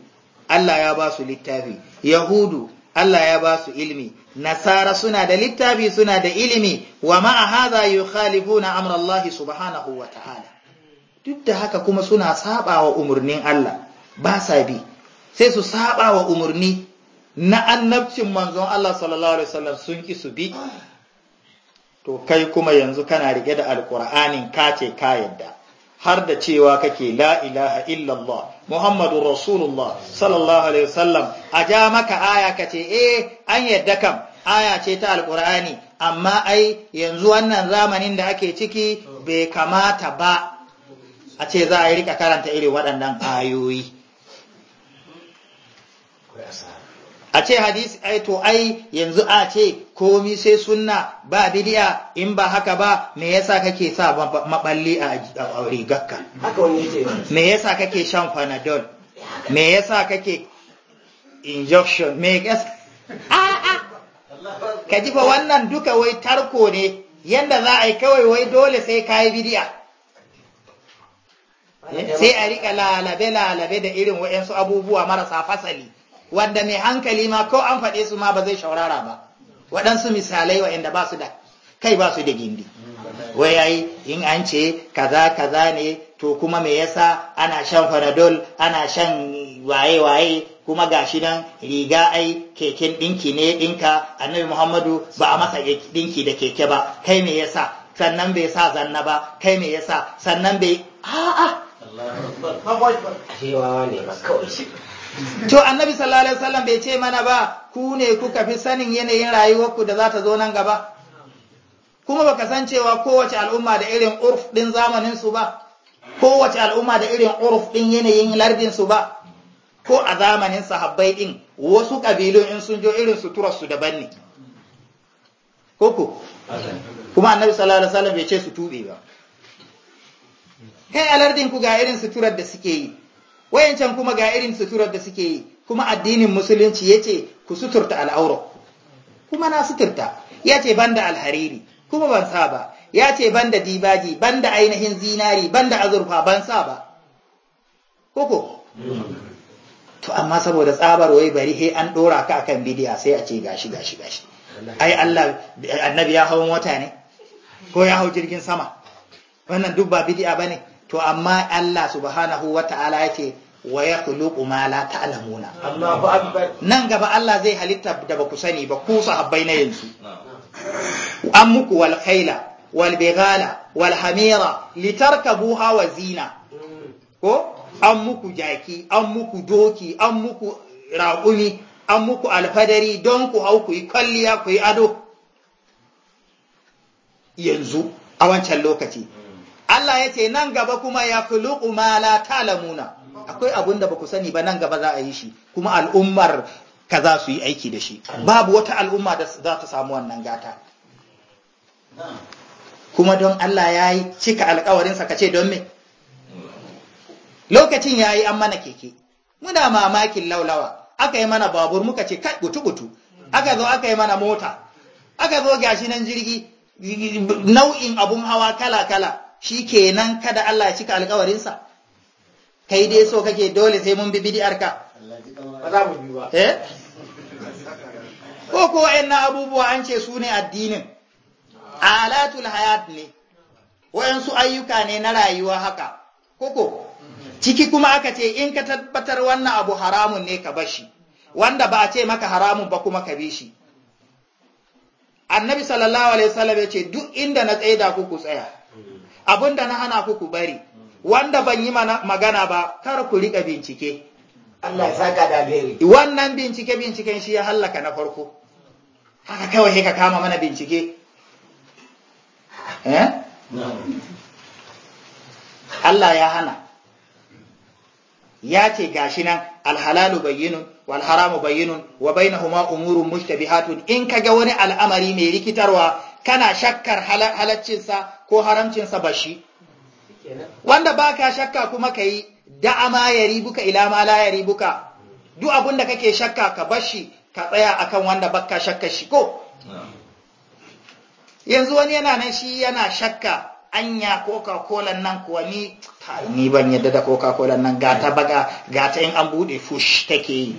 Allah ya ba su littafi yahudu Allah ya ba su ilimi nasara suna da littafi suna da ilimi wa ma'a hadha Khalifu na Allah subhanahu wa ta'ala duk da haka kuma suna saba wa umurnin Allah ba sa bi sai su saba wa umarni na annabcin manzon Allah sallallahu alaihi wasallam sun ki su bi to kai kuma yanzu kana rike da alqur'anin ka ce ka yadda har da cewa kake la ilaha illallah muhammadu rasulullah sallallahu alaihi wasallam a ja maka aya kace eh an yadda kam aya ce ta alkur'ani amma ai yanzu wannan zamanin da ake ciki bai kamata ba a ce za a yi rika karanta irin waɗannan ayoyi a ce hadisi ai to ai yanzu a ce komi sai sunna ba bidiya in ba haka ba me yasa kake sa maballi a rigarka me yasa kake shan panadol me yasa kake injection me yasa a ka ji fa wannan duka wai tarko ne yanda za a yi kawai wai dole sai ka yi bidiya eh, sai a rika lalabe lalabe da irin wa'yansu abubuwa marasa fasali wanda mai hankali ma ko an faɗe su ma ba zai shaurara ba waɗansu misalai waɗanda ba su da kai ba su da gindi wai in an ce kaza kaza ne to kuma me yasa ana shan faradol, ana shan waye waye kuma gashi nan riga ai keken dinki ne dinka annabi muhammadu ba a masa dinki da keke ba kai me yasa sannan bai sa zanna ba kai me yasa sannan bai a'a to annabi sallallahu alaihi wasallam bai ce mana ba ku ne kuka fi sanin yanayin rayuwarku da za ta zo nan gaba kuma baka san cewa kowace al'umma da irin urf din zamanin su ba kowace al'umma da irin urf din yanayin lardin ba ko a zamanin sahabbai din wasu kabilun in sun jo irin suturar su daban ne koko kuma annabi sallallahu alaihi wasallam bai ce su tube ba kai a lardin ku ga irin suturar da suke yi wayancan kuma ga irin suturar da suke yi kuma addinin musulunci ya ce ku suturta al'aura kuma na suturta ya ce ban da alhariri kuma ban sa ba ya ce ban da dibaji ban da ainihin zinari ban da azurfa ban sa ba koko to amma saboda tsabar wai bari he an dora ka akan bidiya sai a ce gashi gashi gashi ai Allah annabi ya hawan wata ne ko ya hau jirgin sama wannan duk ba bidiya bane to amma Allah subhanahu wata'ala ya ce wa ya kuluku ma la ta'lamuna nan gaba Allah zai halitta da baku sani ba ku sahabbai na yanzu an muku wal khaila wal bighala wal hamira litarkabuha wa zina ko an muku jaki an muku doki an muku raƙumi an muku alfadari don ku hau ku yi kwalliya ku yi ado yanzu a wancan lokaci mm. Allah ya ce nan gaba kuma ya kuluku ma la ta'lamuna akwai abun da ba ku sani ba nan gaba za a yi shi kuma al'ummar ka za su yi aiki da shi babu wata al'umma da za ta samu wannan gata kuma don Allah ya yi cika alkawarinsa ka ce don me lokacin ya yi an mana keke muna mamakin laulawa aka yi mana babur muka ce kai butu-butu aka zo aka yi mana mota aka zo gashi nan jirgi nau'in abun hawa kala-kala shi kenan kada Allah ya cika alkawarinsa kai dai so kake dole sai mun bi bid'ar ka ba za mu eh? ko ko wayannan abubuwa an ce su ne addinin alatul hayat ne wayansu ayyuka ne na rayuwa haka koko ciki kuma aka ce in ka tabbatar wannan abu haramun ne ka bashi wanda ba a ce maka haramun ba kuma ka bi shi annabi sallallahu alaihi wasallam ya ce duk inda na tsaida ku ku tsaya abinda na hana ku ku bari wanda ban yi magana ba kar ku riƙa bincike Allah ya saka da gari. wannan bincike binciken shi ya hallaka na farko haka kawai ka kama mana bincike eh Allah ya hana ya ce gashi nan alhalalu bayyinun wal haramu bayyinun wa bainahuma umurun mushtabihatun in kaga wani al'amari mai rikitarwa kana shakkar halaccinsa ko haramcinsa bashi wanda baka shakka kuma ka yi da'ama ya ribuka ila ma la ya ribuka duk abin da kake shakka ka bashi ka tsaya akan wanda baka shakka shi ko yanzu wani yana nan shi yana shakka anya coca cola nan kuwa ni ni ban yadda da coca cola nan gata baga gata in an bude fush take yi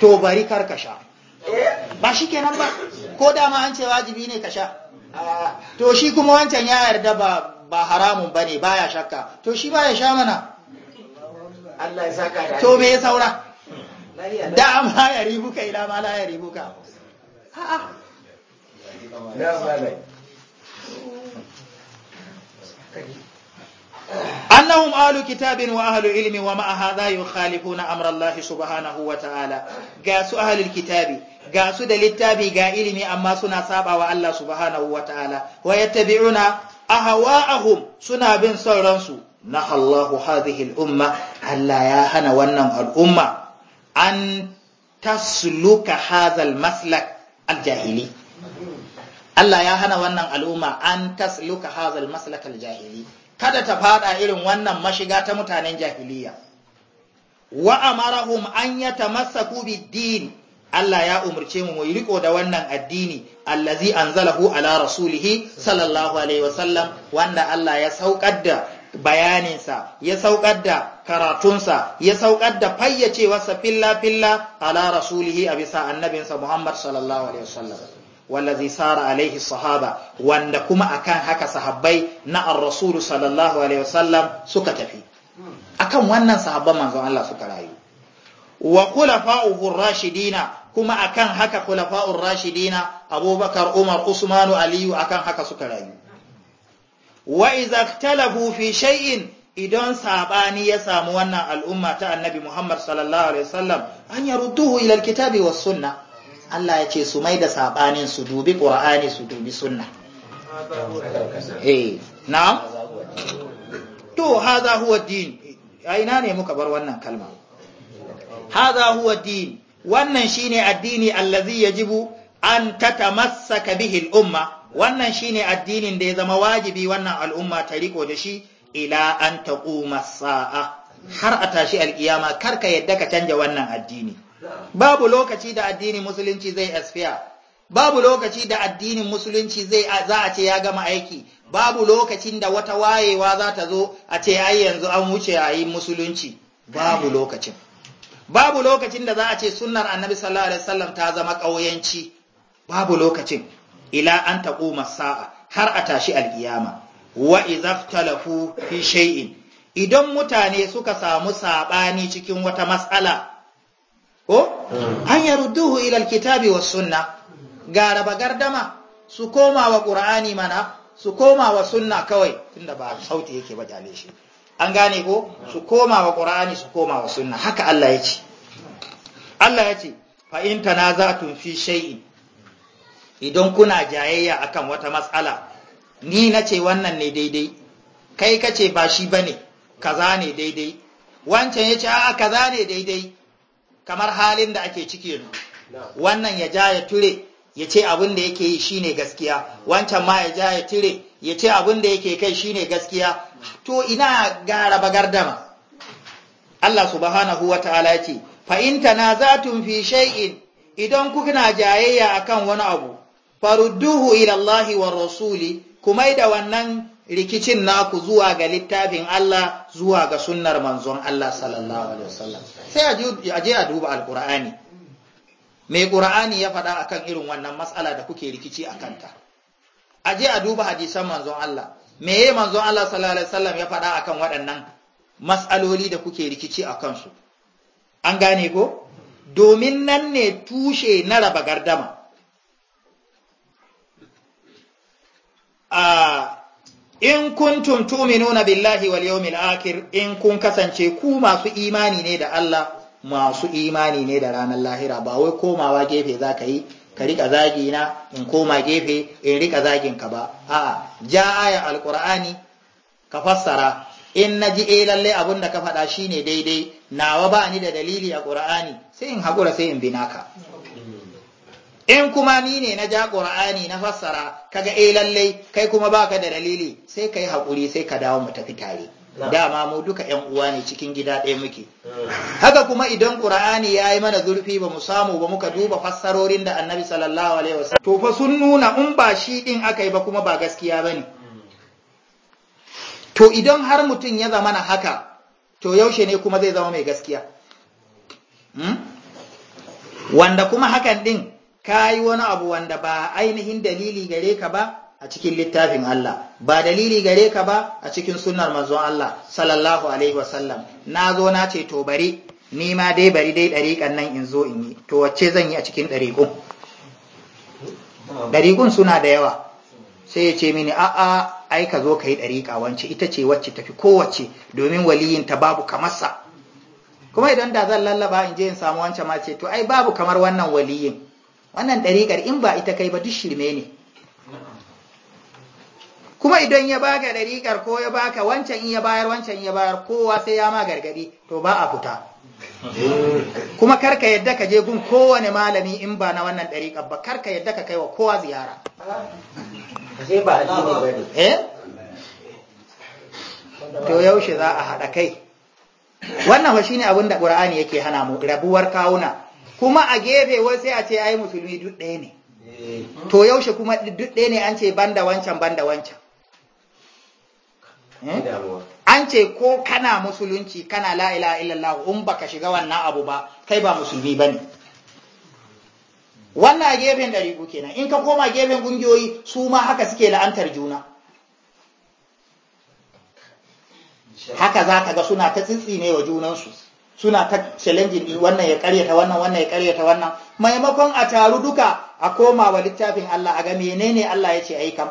to bari kar ka sha ba shi kenan ba ko da ma an ce wajibi ne ka sha to shi kuma wancan ya yarda ba ba haramun ba ne ba ya shakka to shi ba sha mana to me ya saura da amma ya ribuka ila ma la ya ribuka annahum ahlu kitabin wa ahlu ilmi wa ma'a hadha yukhalifuna amra allahi subhanahu wa ta'ala ga su ahli alkitabi ga su da littafi ga ilimi amma suna sabawa allah subhanahu wa ta'ala wa Ahum suna bin son ransu Allahu hadhihi al-umma Allah ya hana wannan al'umma an tasluka hadha maslak al-jahili Allah ya hana wannan al'umma an tasluka hadha maslak al-jahili kada ta fada irin wannan mashiga ta mutanen jahiliya wa amarahum an yatamassaku bid-din Allah ya umarce mu mu riko da wannan addini allazi anzalahu ala rasulihi sallallahu alaihi wasallam wanda Allah ya saukar da bayaninsa ya saukar da karatunsa ya saukar da fayyacewarsa filla filla ala rasulihi a bisa annabinsa Muhammad sallallahu alaihi wasallam wallazi sara alaihi sahaba wanda kuma akan haka sahabbai na ar sallallahu alaihi wasallam suka tafi akan wannan sahabban manzon Allah suka rayu wa khulafa'uhu rashidina kuma akan haka khulafa'ur rashidina abubakar umar usmanu aliyu akan haka suka rayu wa idza ikhtalafu fi shay'in idan sabani ya samu wannan al'umma ta annabi Muhammad sallallahu alaihi wasallam an yarudduhu ila alkitabi was sunna Allah ya ce su mai da sabanin su dubi qur'ani su dubi sunna eh na to hadha huwa din ina ne muka bar wannan kalma hadha huwa din wannan shine addini allazi jibu an tatamassaka bihi al'umma umma wannan shine addinin da ya zama wajibi wannan al'umma ta riko da shi ila an taquma sa'a har a tashi alkiyama kar ka yadda ka canja wannan addini babu lokaci da addinin musulunci zai asfiya babu lokaci da addinin musulunci zai za a ce ya gama aiki babu lokacin da wata wayewa za ta zo a ce ai yanzu an wuce a yi musulunci babu lokacin babu lokacin da za a ce sunnar annabi sallallahu alaihi wasallam ta zama ƙauyenci. babu lokacin ila an taquma sa'a har a tashi alkiyama wa izaftalafu fi shay'in idan mutane suka samu sabani cikin wata mas'ala ko hmm. an yarduhu ila alkitabi was sunna gara bagardama su koma wa qur'ani mana su koma wa sunna kawai tunda ba sauti yake ba shi an gane ko su koma wa ƙorani su koma wa sunna haka Allah ya ce Allah ya ce na za tun fi shai'i. idan kuna jayayya akan wata matsala ni na ce wannan ne daidai kai ka ce ba shi ba bane kaza ne daidai wancan ya ce a'a kaza ne daidai kamar halin da ake ciki yanzu wannan ya ja ya ture ya ce abin da yake yi shi ne gaskiya wancan ma ya ja ya ture ya ce abin da yake kai shi ne gaskiya to ina ga raba gardama Allah subhanahu wa ta'ala ce fa in tanaza'tum fi shay'in idan kuna jayayya akan wani abu farudduhu ila Allah wa rasuli kuma da wannan rikicin naku zuwa ga littafin Allah zuwa ga sunnar manzon Allah sallallahu alaihi wasallam sai a a duba alqur'ani mai qur'ani ya faɗa akan irin wannan matsala da kuke rikici akan ta a a duba hadisan manzon Allah yi manzon Allah sallallahu alaihi wasallam ya faɗa akan waɗannan mas'aloli da kuke rikici a kansu an gane ko domin nan ne tushe na raba gardama kun in kuntum tu'minuna billahi wal yawmil akhir in kun kasance ku masu imani ne da Allah masu imani ne da ranar lahira ba wai komawa gefe za ka yi ka rika zagi na in koma gefe in rika zagin ka ba a'a ja aya alqur'ani ka fassara in naji ji eh lalle abun da ka faɗa shine daidai nawa ba ni da dalili a qur'ani sai in haƙura sai in binaka. in kuma ni ne na ja qur'ani na fassara kaga eh lalle kai kuma baka da dalili sai kai haƙuri sai ka dawo mu tafi tare dama mu duka yan uwa ne cikin gida ɗaya muke hmm. haka kuma idan qur'ani ya yi mana zurfi ba mu samu ba muka duba fassarorin da annabi sallallahu alaihi wasallam to fa sun nuna in ba shi din akai ba kuma ba gaskiya bane hmm. to idan har mutum ya zama na haka to yaushe ne kuma zai zama mai gaskiya hmm? wanda kuma hakan din ka wani abu wanda ba ainihin dalili gare ka ba a cikin littafin Allah ba dalili gare ka ba a cikin sunnar manzon Allah sallallahu alaihi wasallam na zo na ce to bari ni ma dai bari dai dariƙan nan in zo in yi to wacce zan yi a cikin dariƙun dariƙun suna da yawa sai ya ce mini a'a ai ka zo ka yi dariƙa wance ita ce wacce tafi kowace domin waliyin ta babu kamarsa kuma idan da zan lallaba in je in samu wancan ma ce to ai babu kamar wannan waliyin wannan ɗarikar in ba ita kai ba duk shirme ne kuma idan ya baka dariƙar ko ya baka wancan in ya bayar wancan ya bayar kowa sai ya ma gargadi to ba a fita kuma karka yadda ka je gun kowane malami in ba na wannan dariƙar ba karka yadda ka kai wa kowa ziyara eh? to yaushe za a haɗa kai wannan fa shine abin da qur'ani yake hana mu rabuwar kawuna kuma a gefe wai sai a ce ai musulmi duk ɗaya ne eh. to yaushe kuma duk ɗaya ne an ce banda wancan banda wancan Hmm? an ce ko kana musulunci kana la’ila ilaha illallah in baka shiga wannan abu ba kai ba musulmi ba ne wannan gefen buke kenan in ka koma gefen ƙungiyoyi su ma haka suke la'antar juna haka za ka ga suna ta ne wa junansu suna ta challenge wannan ya karyata wannan wannan ya karyata wannan maimakon a taru duka a koma wa littafin Allah a ga menene Allah ya ce ai kam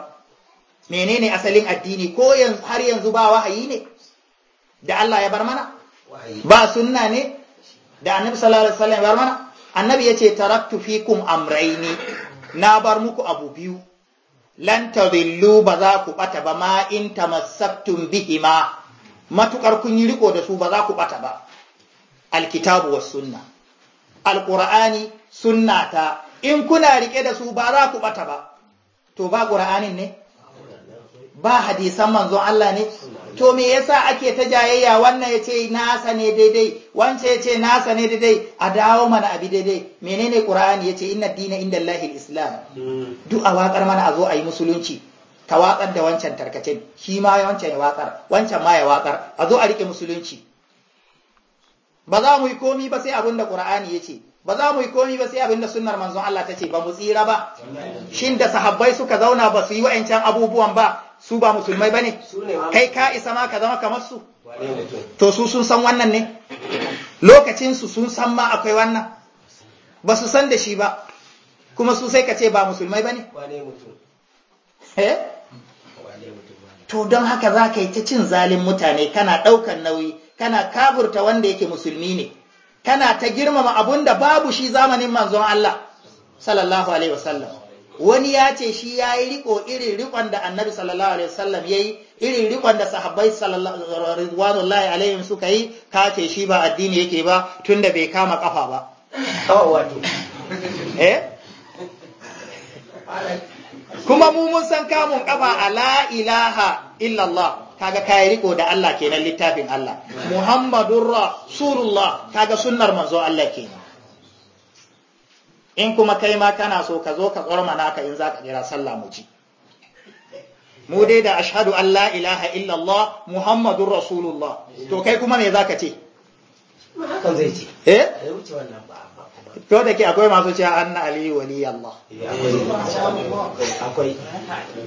menene asalin addini ko har yanzu ba wahayi ne da Allah ya bar mana ba sunna ne da annabi sallallahu alaihi wasallam ya bar mana annabi yace taraktu fikum amraini na bar muku abu biyu lan tadillu ba za ku bata ba ma in tamassaktum bihima matukar kun yi riko da su ba za ku bata ba alkitabu was sunna alqur'ani sunnata in kuna rike da su ba za ku bata ba to ba qur'anin ne ba hadisan manzon Allah ne to me yasa ake ta jayayya wannan yace na nasa ne daidai wance yace na nasa ne daidai a dawo mana abi daidai menene qur'ani yace inna dina inda Allahil islam hmm. duk a waƙar mana a zo a yi musulunci ka waƙar da wancan tarkace, shi ma ya wancan ya waƙar wancan ma ya waƙar a zo a riƙe musulunci ba za mu yi komi ba sai abin da qur'ani yace ba za mu yi komi ba sai abin da sunnar manzon Allah ta ce ba mu tsira ba shin da sahabbai suka zauna ba su yi wa'ancan abubuwan ba su ba musulmai ba ne kai ka isa ma ka zama kamar su to su sun san wannan ne lokacinsu sun san ma akwai wannan ba su san da shi ba kuma su sai ka ce ba musulmai ba ne eh? to don haka za ka yi ta cin zalin mutane kana ɗaukan nauyi kana kaburta wanda yake musulmi ne kana ta girmama abun da babu shi zamanin manzon Allah sallallahu alaihi wasallam wani ya ce shi ya yi riko irin rikon da annabi sallallahu alaihi wasallam ya yi irin rikon da sahabbai ridwanullahi alaihim suka yi ka ce shi ba addini yake ba tun da bai kama kafa ba (laughs) eh? kuma mu mun san kamun kafa ala ilaha illallah kaga kayi riko da Allah kenan littafin Allah Muhammadur Rasulullah kaga sunnar manzo Allah kenan in kuma kai ma kana so ka zo ka ƙorma ka in za ka jira sallah mu ci. mu dai da ashadu an la ilaha illallah Muhammadun rasulullah to kai kuma me zaka ce hakan zai ce eh to da ke akwai masu cewa anna ali wali allah eh, akwai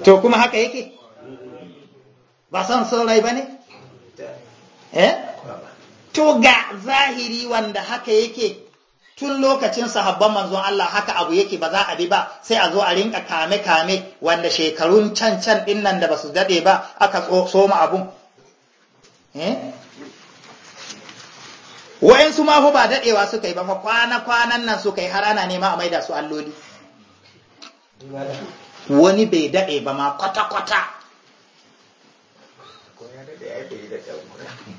to kuma haka yake ba san son rai ne? eh to ga zahiri wanda haka yake tun lokacin sahabban manzon Allah haka abu yake ba za a bi ba sai a zo a rinka kame kame wanda shekarun can can din nan da ba su dade ba aka soma abun eh su ma fa ba dadewa suka yi ba fa kwana kwanan nan suka yi har ana nema a da su alloli wani bai dade ba ma kwata kwata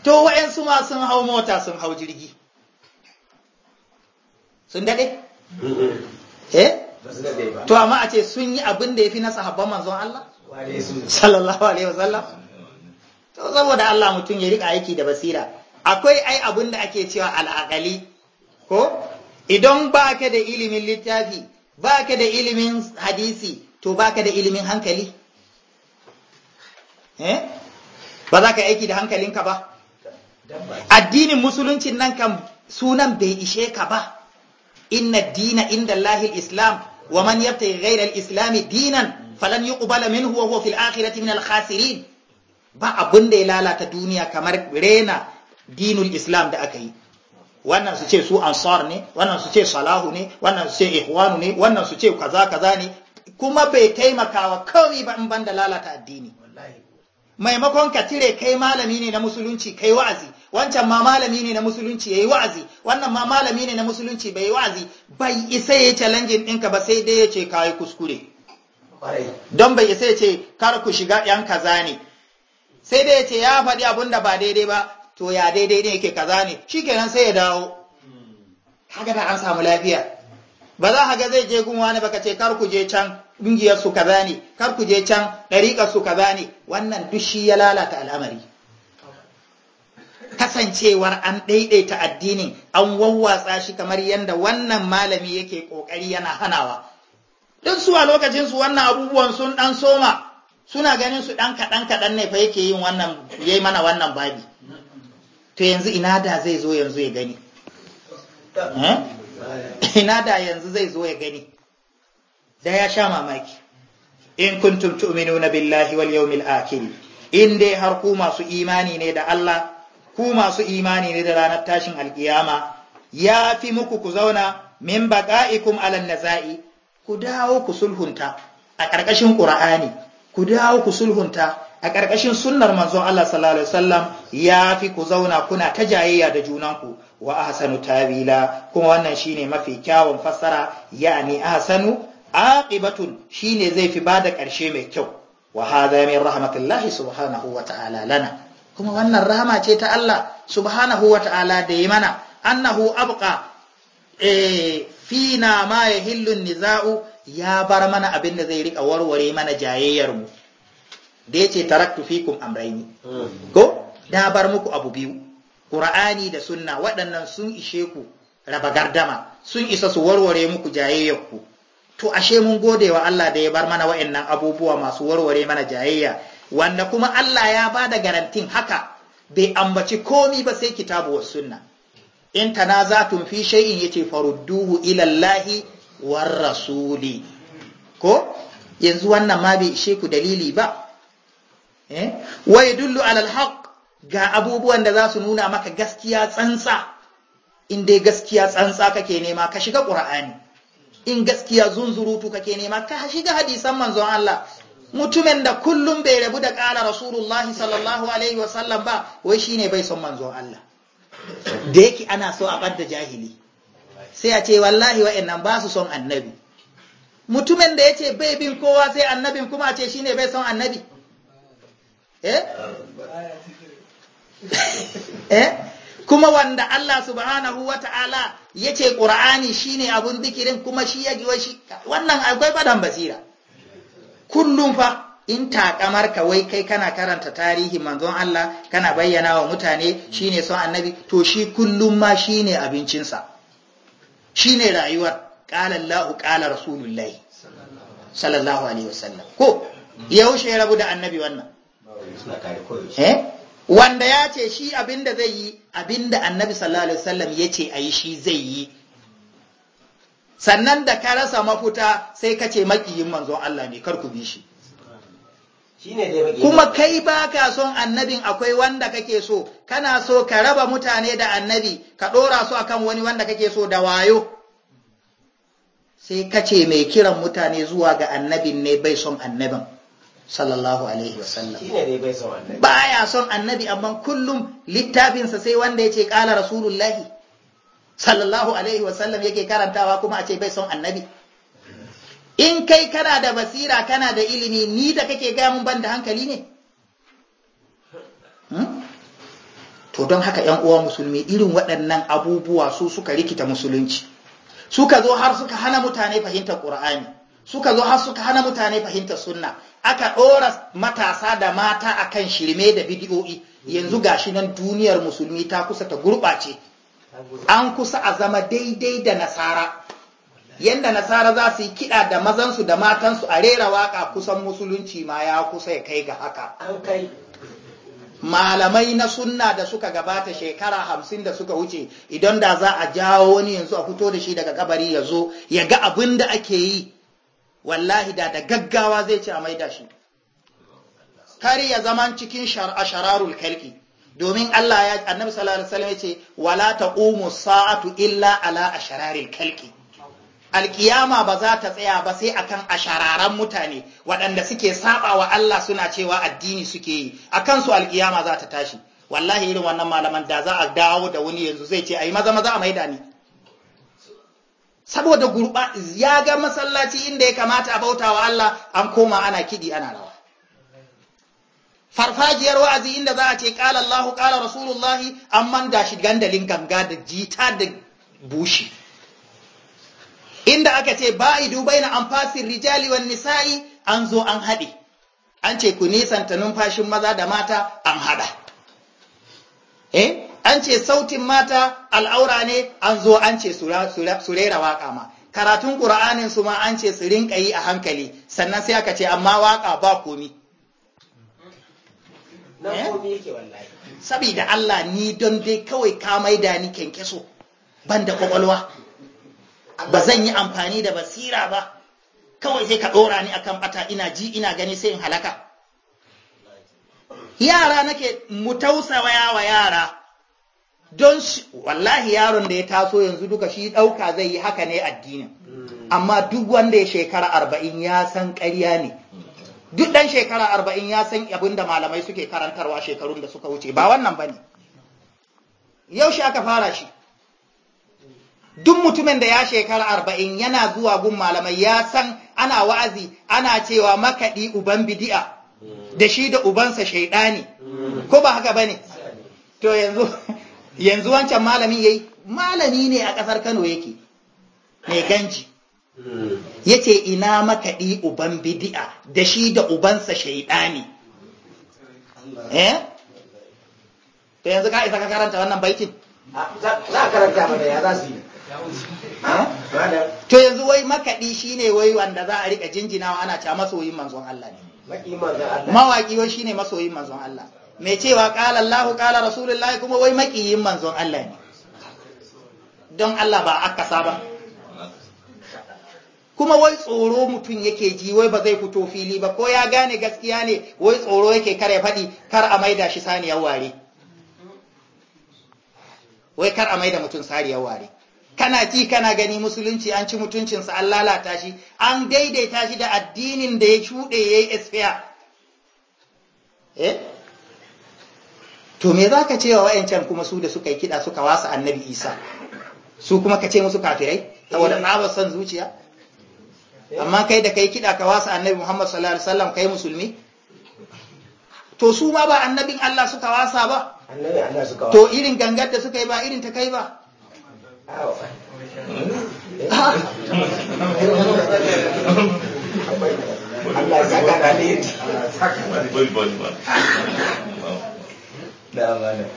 to wa'yansu ma sun hau mota sun hau jirgi sun daɗe? Mm-hmm. eh to amma a ce sun yi abin da ya fi na sahabban manzon Allah sallallahu alaihi sallam to saboda Allah mutum ya riƙa aiki da basira akwai ai abin da ake cewa al'akali ko idan ba ka da ilimin littafi ba ka da ilimin hadisi to ba ka da ilimin hankali eh? ba za ka aiki da hankalinka ba addinin musuluncin nan kan sunan bai ishe ka ba inna dina inda Allahil Islam wa man yabtaghi ghayra al-islam dinan falan yuqbala minhu wa huwa fil akhirati min al-khasirin ba abun da ya lalata duniya kamar rena dinul islam da aka yi wannan su ce su ansar ne wannan su ce salahu ne wannan su ce ihwanu ne wannan su ce kaza kaza ne kuma bai taimakawa kawai ba in ban da lalata addini maimakon ka kai malami ne na musulunci kai wa'azi wancan ma malami ne na musulunci yayi wa'azi wannan ma malami ne na musulunci bai wa'azi bai isa ya challenge ɗinka ba sai dai ya ce kai kuskure don bai isa ya ce kar ku shiga yan kaza ne sai dai ya ce ya faɗi abun da ba daidai ba to ya daidai ne yake kaza ne shikenan sai ya dawo hmm. kaga da an samu lafiya ba za ka ga zai je gun wani baka ce kar ku je can ƙungiyar su kaza ne kar ku je can ɗariƙar su kaza ne wannan duk shi ya lalata al'amari kasancewar an ɗaiɗaita addinin an wawwatsa shi kamar yadda wannan malami yake ƙoƙari yana hanawa duk su a lokacin su wannan abubuwan sun ɗan soma suna ganin su ɗan kaɗan kaɗan ne fa yake yin wannan yayi mana wannan babi to yanzu ina da zai zo yanzu ya gani eh? ina da yanzu zai zo ya gani da ya sha mamaki in kuntum tu'minuna billahi wal yawmil akhir in dai har ku masu imani ne da Allah ku masu imani ne da ranar tashin alkiyama ya fi muku ku zauna min baqa'ikum alan naza'i ku dawo ku sulhunta a ƙarƙashin Qur'ani ku dawo ku sulhunta a ƙarƙashin sunnar manzon Allah sallallahu alaihi wasallam ya fi ku zauna kuna ta jayayya da junanku wa ahsanu tawila kuma wannan shine mafi kyawun fassara yani ahsanu aqibatun shine zai fi bada ƙarshe mai kyau wa hadha min rahmatillahi subhanahu wa ta'ala lana kuma wannan rahama ce ta Allah subhanahu wa ta'ala da yi mana annahu abqa eh, fina ma ya hillun niza'u ya bar mana abin da zai rika warware mana jayayyar mu da yace taraktu fikum amrayni hmm. ko da bar muku abu biyu qur'ani da sunna waɗannan sun ishe ku raba gardama sun isa su warware muku jayayyar ku to ashe mun gode wa Allah da ya bar mana wa'annan abubuwa masu warware mana jayayya wanda kuma Allah ya ba da garantin haka bai ambaci komi ba sai kitabu wa sunna in tanazatun fi shay'in yace farudduhu ila Allah war rasuli ko yanzu wannan ma bai ishe ku dalili ba eh wa yadullu ala alhaq ga abubuwan da za su nuna maka gaskiya tsantsa in dai gaskiya tsantsa kake nema ka shiga qur'ani in gaskiya zunzurutu kake nema ka shiga hadisan manzon Allah mutumin da kullum bai rabu da ƙala rasulullahi sallallahu alaihi wasallam ba wai shi ne bai son manzon Allah da yake ana so a ɓadda jahili sai a ce wallahi wa'annan ba su son annabi mutumin da yace bai bin kowa sai annabin kuma a ce shi ne bai son annabi eh (laughs) eh kuma wanda Allah subhanahu wa ta'ala ya ce ƙura'ani shi ne abin zikirin kuma shi ya wai shi wannan akwai fadan basira kullum fa in takamar ka wai kai kana karanta tarihi manzon Allah kana bayyana wa mutane shine son annabi to shi kullum ma shine abincinsa shine rayuwar qala Allahu qala rasulullahi sallallahu alaihi wasallam ko yaushe ya rabu da annabi wannan eh wanda ya ce shi abinda zai yi abinda annabi sallallahu alaihi wasallam ya ce ayi shi zai yi sannan da ka rasa mafuta sai ka ce makiyin manzon Allah ne kar ku bi shi kuma kai ba ka son annabin akwai wanda kake so kana so ka raba mutane da annabi ka ɗora su akan wani wanda kake so da wayo sai ka ce mai kiran mutane zuwa ga annabin ne bai son annabin sallallahu alaihi wasallam ba ya son annabi amma kullum littafinsa sai wanda yace ce rasulullahi sallallahu alaihi wasallam yake karantawa kuma a ce bai son annabi in kai kana da basira kana da ilimi ni da kake gaya mun ban hankali ne hmm? to don haka ‘yan uwa musulmi irin waɗannan abubuwa su suka rikita musulunci suka zo har suka hana mutane fahimtar qur'ani. suka zo har suka hana mutane fahimtar sunna aka ɗora matasa da mata akan shirme da bidiyo'i yanzu gashi nan duniyar musulmi ta kusa ta gurɓace an kusa a zama daidai da nasara yadda nasara za su yi kiɗa da mazansu da matansu a rera waka kusan musulunci ma ya kusa ya kai ga haka malamai na sunna da suka gabata shekara hamsin da suka wuce idan da za a jawo wani yanzu a fito da shi daga kabari ya zo ya ga abin da ake yi wallahi da da gaggawa zai ce a maida shi kar ya zaman cikin shararul kalki domin Allah ya annabi sallallahu alaihi wasallam yace wala taqumu sa'atu illa ala ashararil khalqi alkiyama ba za ta tsaya ba sai akan ashararan mutane waɗanda suke saba wa Allah suna cewa addini suke yi akan su alqiyama za ta tashi wallahi irin wannan malaman da za a dawo da wani yanzu zai ce yi maza maza a maida ni saboda gurba ya ga masallaci inda ya kamata a bauta wa Allah an koma ana kidi ana rawa farfajiyar wa'azi inda za a ce ƙala Allah ƙala Rasulullahi an da shi gandalin ganga da jita da bushi inda aka ce ba'i dubai na amfasin rijali wani nisa'i an zo an haɗe an ce ku nisanta numfashin maza da mata an haɗa eh an ce sautin mata al'aura ne an zo an ce su rera waƙa ma karatun ƙura'anin su ma an ce su rinƙa yi a hankali sannan sai aka ce amma waƙa ba komi Eh? saboda Allah ni don dai kawai ka maida ni kyankyaso ban da kwakwalwa ba zan yi amfani da basira ba kawai sai ka ɗora ni akan bata ina ji ina gani sai in halaka yara nake mutausa wa yara don wallahi yaron da ya taso yanzu duka shi ɗauka zai yi haka ne addinin hmm. amma duk wanda ya shekara arba'in ya san ƙarya ne duk ɗan shekara arba'in ya san abin da malamai suke karantarwa shekarun da suka wuce ba wannan ba ne shi aka fara shi duk mutumin da ya shekara arba'in yana zuwa gun malamai ya san ana wa'azi ana cewa makaɗi uban bidi'a da shi da ubansa ne, ko ba haka ba ne to yanzu (laughs) wancan malami ya malami ne a ƙasar kano yake mai ganji Ya ce ina makaɗi uban bidi'a da shi da ubansa shaidani eh to yanzu ka isa ka karanta wannan baitin za a karanta da ya za su yi eh? to yanzu wai makaɗi ne wai wanda za a rika jinjinawa ana ca masoyin manzon Allah ne mawaƙi wai ne masoyin manzon Allah mai cewa ƙalar Allahu ƙalar rasulullahi kuma wai makiyin manzon Allah ne don Allah ba akasa ba kuma wai tsoro mutum yake ji wai ba zai fito fili ba ko ya gane gaskiya ne wai tsoro yake kare faɗi kar a maida shi saniyar ware wai kar a maida mutum saniyar ware kana ji kana gani musulunci an ci mutuncinsa an lalata shi an daidaita shi da addinin da ya shuɗe ya yi eh? to me za ka ce wa wa'yancan kuma su da suka yi kiɗa suka wasa annabi isa su kuma ka ce musu kafirai saboda na son zuciya Eh? amma kai da kai kiɗa ka wasa annabi Muhammad sallallahu alaihi wasallam kai musulmi to su ma ba annabin Allah suka wasa ba to irin gangar da suka yi ba irin ta kai ba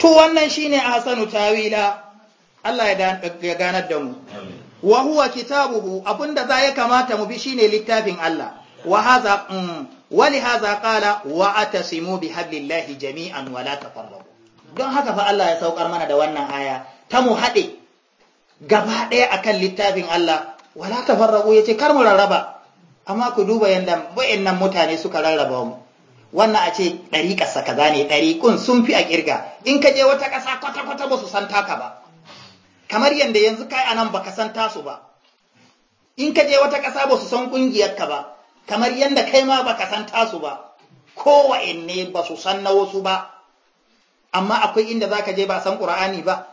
to wannan shine a hasanu tawila Allah ya ganar da mu wa huwa kitabuhu abunda za ya kamata mu bi shine littafin Allah wa hadha mm, wa li hadha qala wa atasimu bi hablillahi jami'an wa la tafarraqu don haka fa Allah ya saukar mana da wannan aya ta mu haɗe gaba ɗaya akan littafin Allah wa la tafarraqu yace kar mu rarraba amma ku duba yanda wayannan mutane suka rarraba mu wannan a ce ƙasa, kaza ne ɗariƙun sun fi a ƙirga in ka je wata ƙasa kwata-kwata ba su san taka ba kamar yadda yanzu kai anan baka san tasu ba in ka je wata ƙasa ba su san ƙungiyarka ba kamar yadda kai ma baka san tasu ba kowanne ba su san na wasu ba amma akwai inda za ka je ba san ƙur'ani ba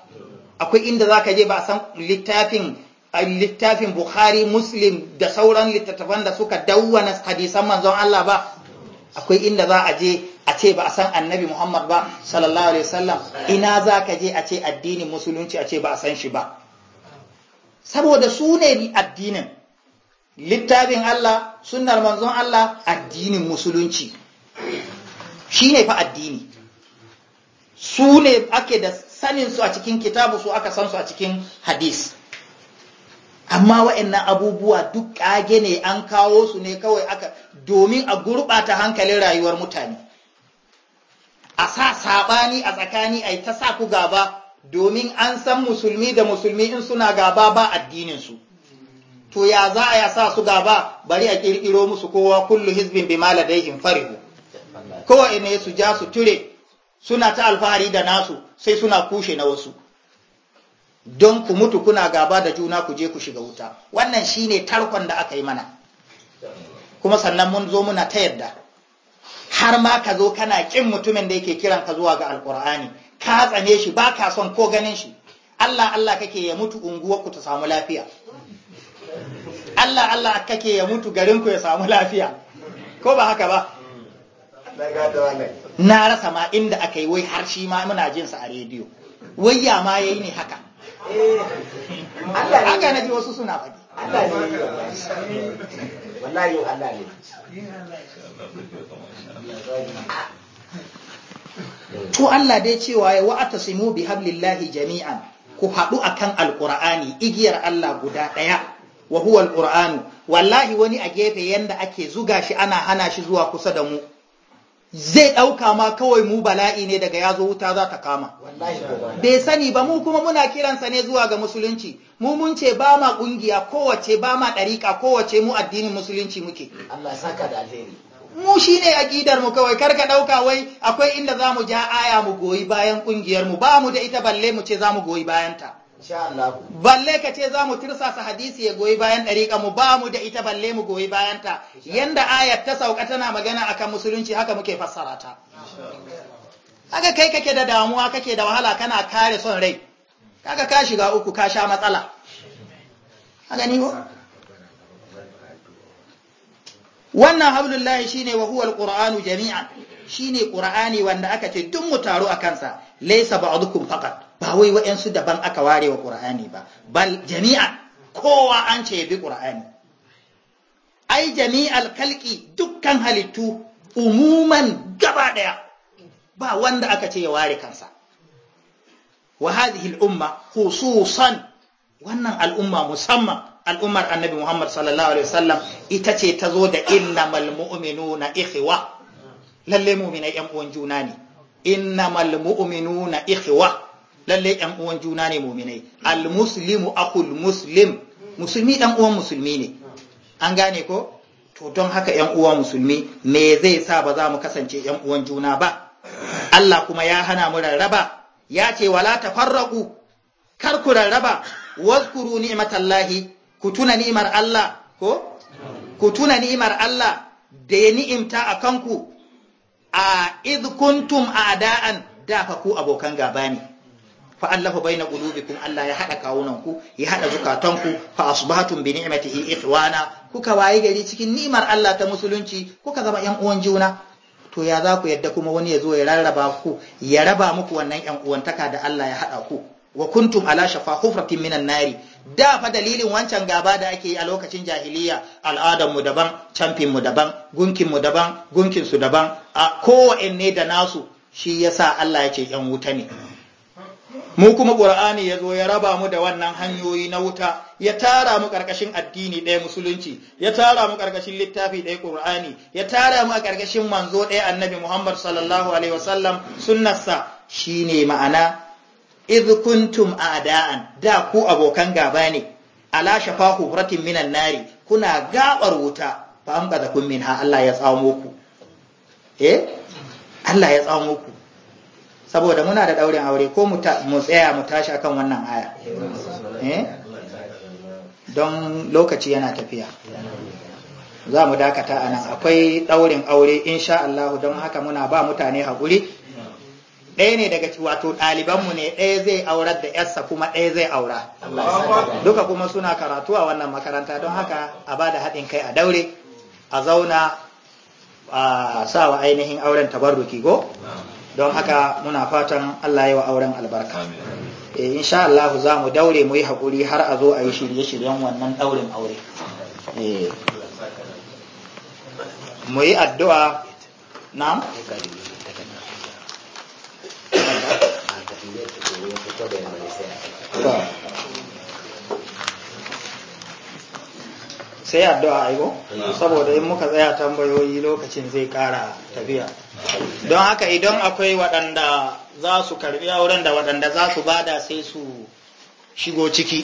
akwai inda za ka je ba san littafin littafin bukhari muslim da sauran littattafan da suka dawwana hadisan manzon Allah ba akwai inda za a je ce ba a san annabi Muhammad ba sallallahu alaihi wasallam ina za ka je a ce addinin musulunci a ce ba a san shi ba saboda su ne addinin littafin Allah sunnar manzon Allah addinin musulunci shi ne fa addini su ne ake da sanin su a cikin kitabu su aka san su a cikin hadis amma wa'annan abubuwa duk ƙage ne an kawo su ne kawai aka domin a gurɓata hankalin rayuwar mutane a sa saɓani a tsakani a yi ta sa ku gaba domin an san musulmi da musulmi in suna gaba ba addininsu. To ya za a ya sa su gaba bari a ƙirƙiro musu kowa kullu hizbin bi maladaihim farihu. Kowa ne su ja su ture suna ta alfahari da nasu sai suna kushe na wasu. Don ku mutu kuna gaba da juna ku je ku shiga wuta. Wannan shine tarkon da aka yi mana. Kuma sannan mun zo muna ta yadda. har ma ka zo kana kin mutumin da yake kiran ka zuwa ga alkur'ani ka tsane shi baka son ko ganin shi Allah Allah kake ya mutu unguwar ku ta samu lafiya Allah Allah kake ya mutu garin ku ya samu lafiya ko ba haka ba na rasa ma inda aka yi wai har shi ma muna jin sa a rediyo wai ya ma yayi ne haka haka na ji wasu suna faɗi Allah ne wallahi Allah ne to Allah dai cewa ya wa'ata simu bi hablillahi jami'an ku haɗu akan alqur'ani igiyar Allah guda ɗaya wa huwa alqur'anu wallahi wani a gefe yanda ake zuga shi ana hana shi zuwa kusa da mu zai ɗauka ma kawai mu bala'i ne daga ya zo wuta za ta kama. Bai sani ba mu kuma muna kiransa ne zuwa ga musulunci, mu mun ce ba ma ƙungiya kowace ba ma ɗariƙa kowace mu addinin musulunci muke. Allah mu shi ne aƙidar mu kawai karka ɗauka wai akwai inda za mu ja aya mu goyi bayan ƙungiyar mu ba mu da ita balle mu ce za mu goyi bayan ta balle ka ce za mu tirsasa hadisi ya goyi bayan ɗariƙa mu ba mu da ita balle mu goyi bayan ta yanda ayar ta sauka tana magana akan musulunci haka muke fassara ta haka kai kake da damuwa kake da wahala kana kare son rai kaga ka shiga uku ka sha matsala haka ni ko wannan hablullahi shine wa huwa alqur'anu jami'an shine qur'ani wanda aka ce duk mu taro a kansa laysa ba'dukum faqat ba wai wa'ansu daban aka ware wa qur'ani ba bal jami'an kowa an ce bi qur'ani ai jami'al khalqi dukkan halittu umuman gaba daya ba wanda aka ce ya ware kansa wa hadhihi al umma khususan wannan al'umma musamman al'ummar annabi Muhammad sallallahu alaihi wasallam ita ce ta zo da innamal na ikhwa lalle mu'minai yan uwan juna ne innamal na ikhwa lalle yan uwan juna ne mu'minai al muslimu akul muslim musulmi dan uwan musulmi ne an gane ko to don haka yan uwan musulmi me zai sa ba za mu kasance yan uwan juna ba Allah kuma ya hana mu rarraba ya ce wala tafarraqu kar ku rarraba wazkuru ni'matallahi ku tuna ni'imar Allah ko ku tuna ni'imar Allah da ya ni'imta a kanku a id kuntum a'da'an da fa ku abokan gaba ne fa allafa baina qulubikum Allah ya hada kawunan ku ya hada zukatanku fa asbahatum bi ni'matihi ikhwana kuka waye gari cikin ni'imar Allah ta musulunci kuka zama yan uwan juna to ya za ku yadda kuma wani ya zo ya rarraba ku ya raba muku wannan yan uwantaka da Allah ya hada ku wa kuntum ala shafa hufratin minan nari da fa dalilin wancan gaba da ake yi a lokacin jahiliya al'adar mu daban camfin mu daban gunkin mu daban gunkin su daban a kowanne da nasu shi yasa Allah ya yan wuta ne mu kuma qur'ani ya zo ya raba mu da wannan hanyoyi na wuta ya tara mu karkashin addini ɗaya musulunci ya tara mu karkashin littafi ɗaya qur'ani ya tara mu a karkashin manzo ɗaya annabi muhammad sallallahu alaihi wasallam sunnarsa shine ma'ana idh kuntum a'da'an da ku abokan gaba ne ala shafa hufratin minan nari kuna gabar wuta fa an da kun minha Allah ya tsamo ku eh Allah ya tsamo ku saboda muna da daurin aure ko mu tsaya mu tashi akan wannan aya eh don lokaci yana tafiya za mu dakata anan akwai daurin aure insha Allah don haka muna ba mutane hakuri. ɗaya ne daga wato ɗalibanmu ne ɗaya zai aurar da ƴarsa kuma ɗaya zai aura duka kuma suna karatu a wannan makaranta don haka a ba da haɗin kai a daure a zauna a sawa ainihin auren tabarruki go don haka muna fatan Allah ya wa auren albarka eh, insha Allah za mu daure mu yi haƙuri har a zo a yi shirye-shiryen wannan ɗaurin aure eh. mu yi addu'a na sai addu'a aiko saboda in muka tsaya tambayoyi lokacin zai kara tafiya don haka idan akwai waɗanda za su karbi auren da waɗanda za su bada sai su shigo ciki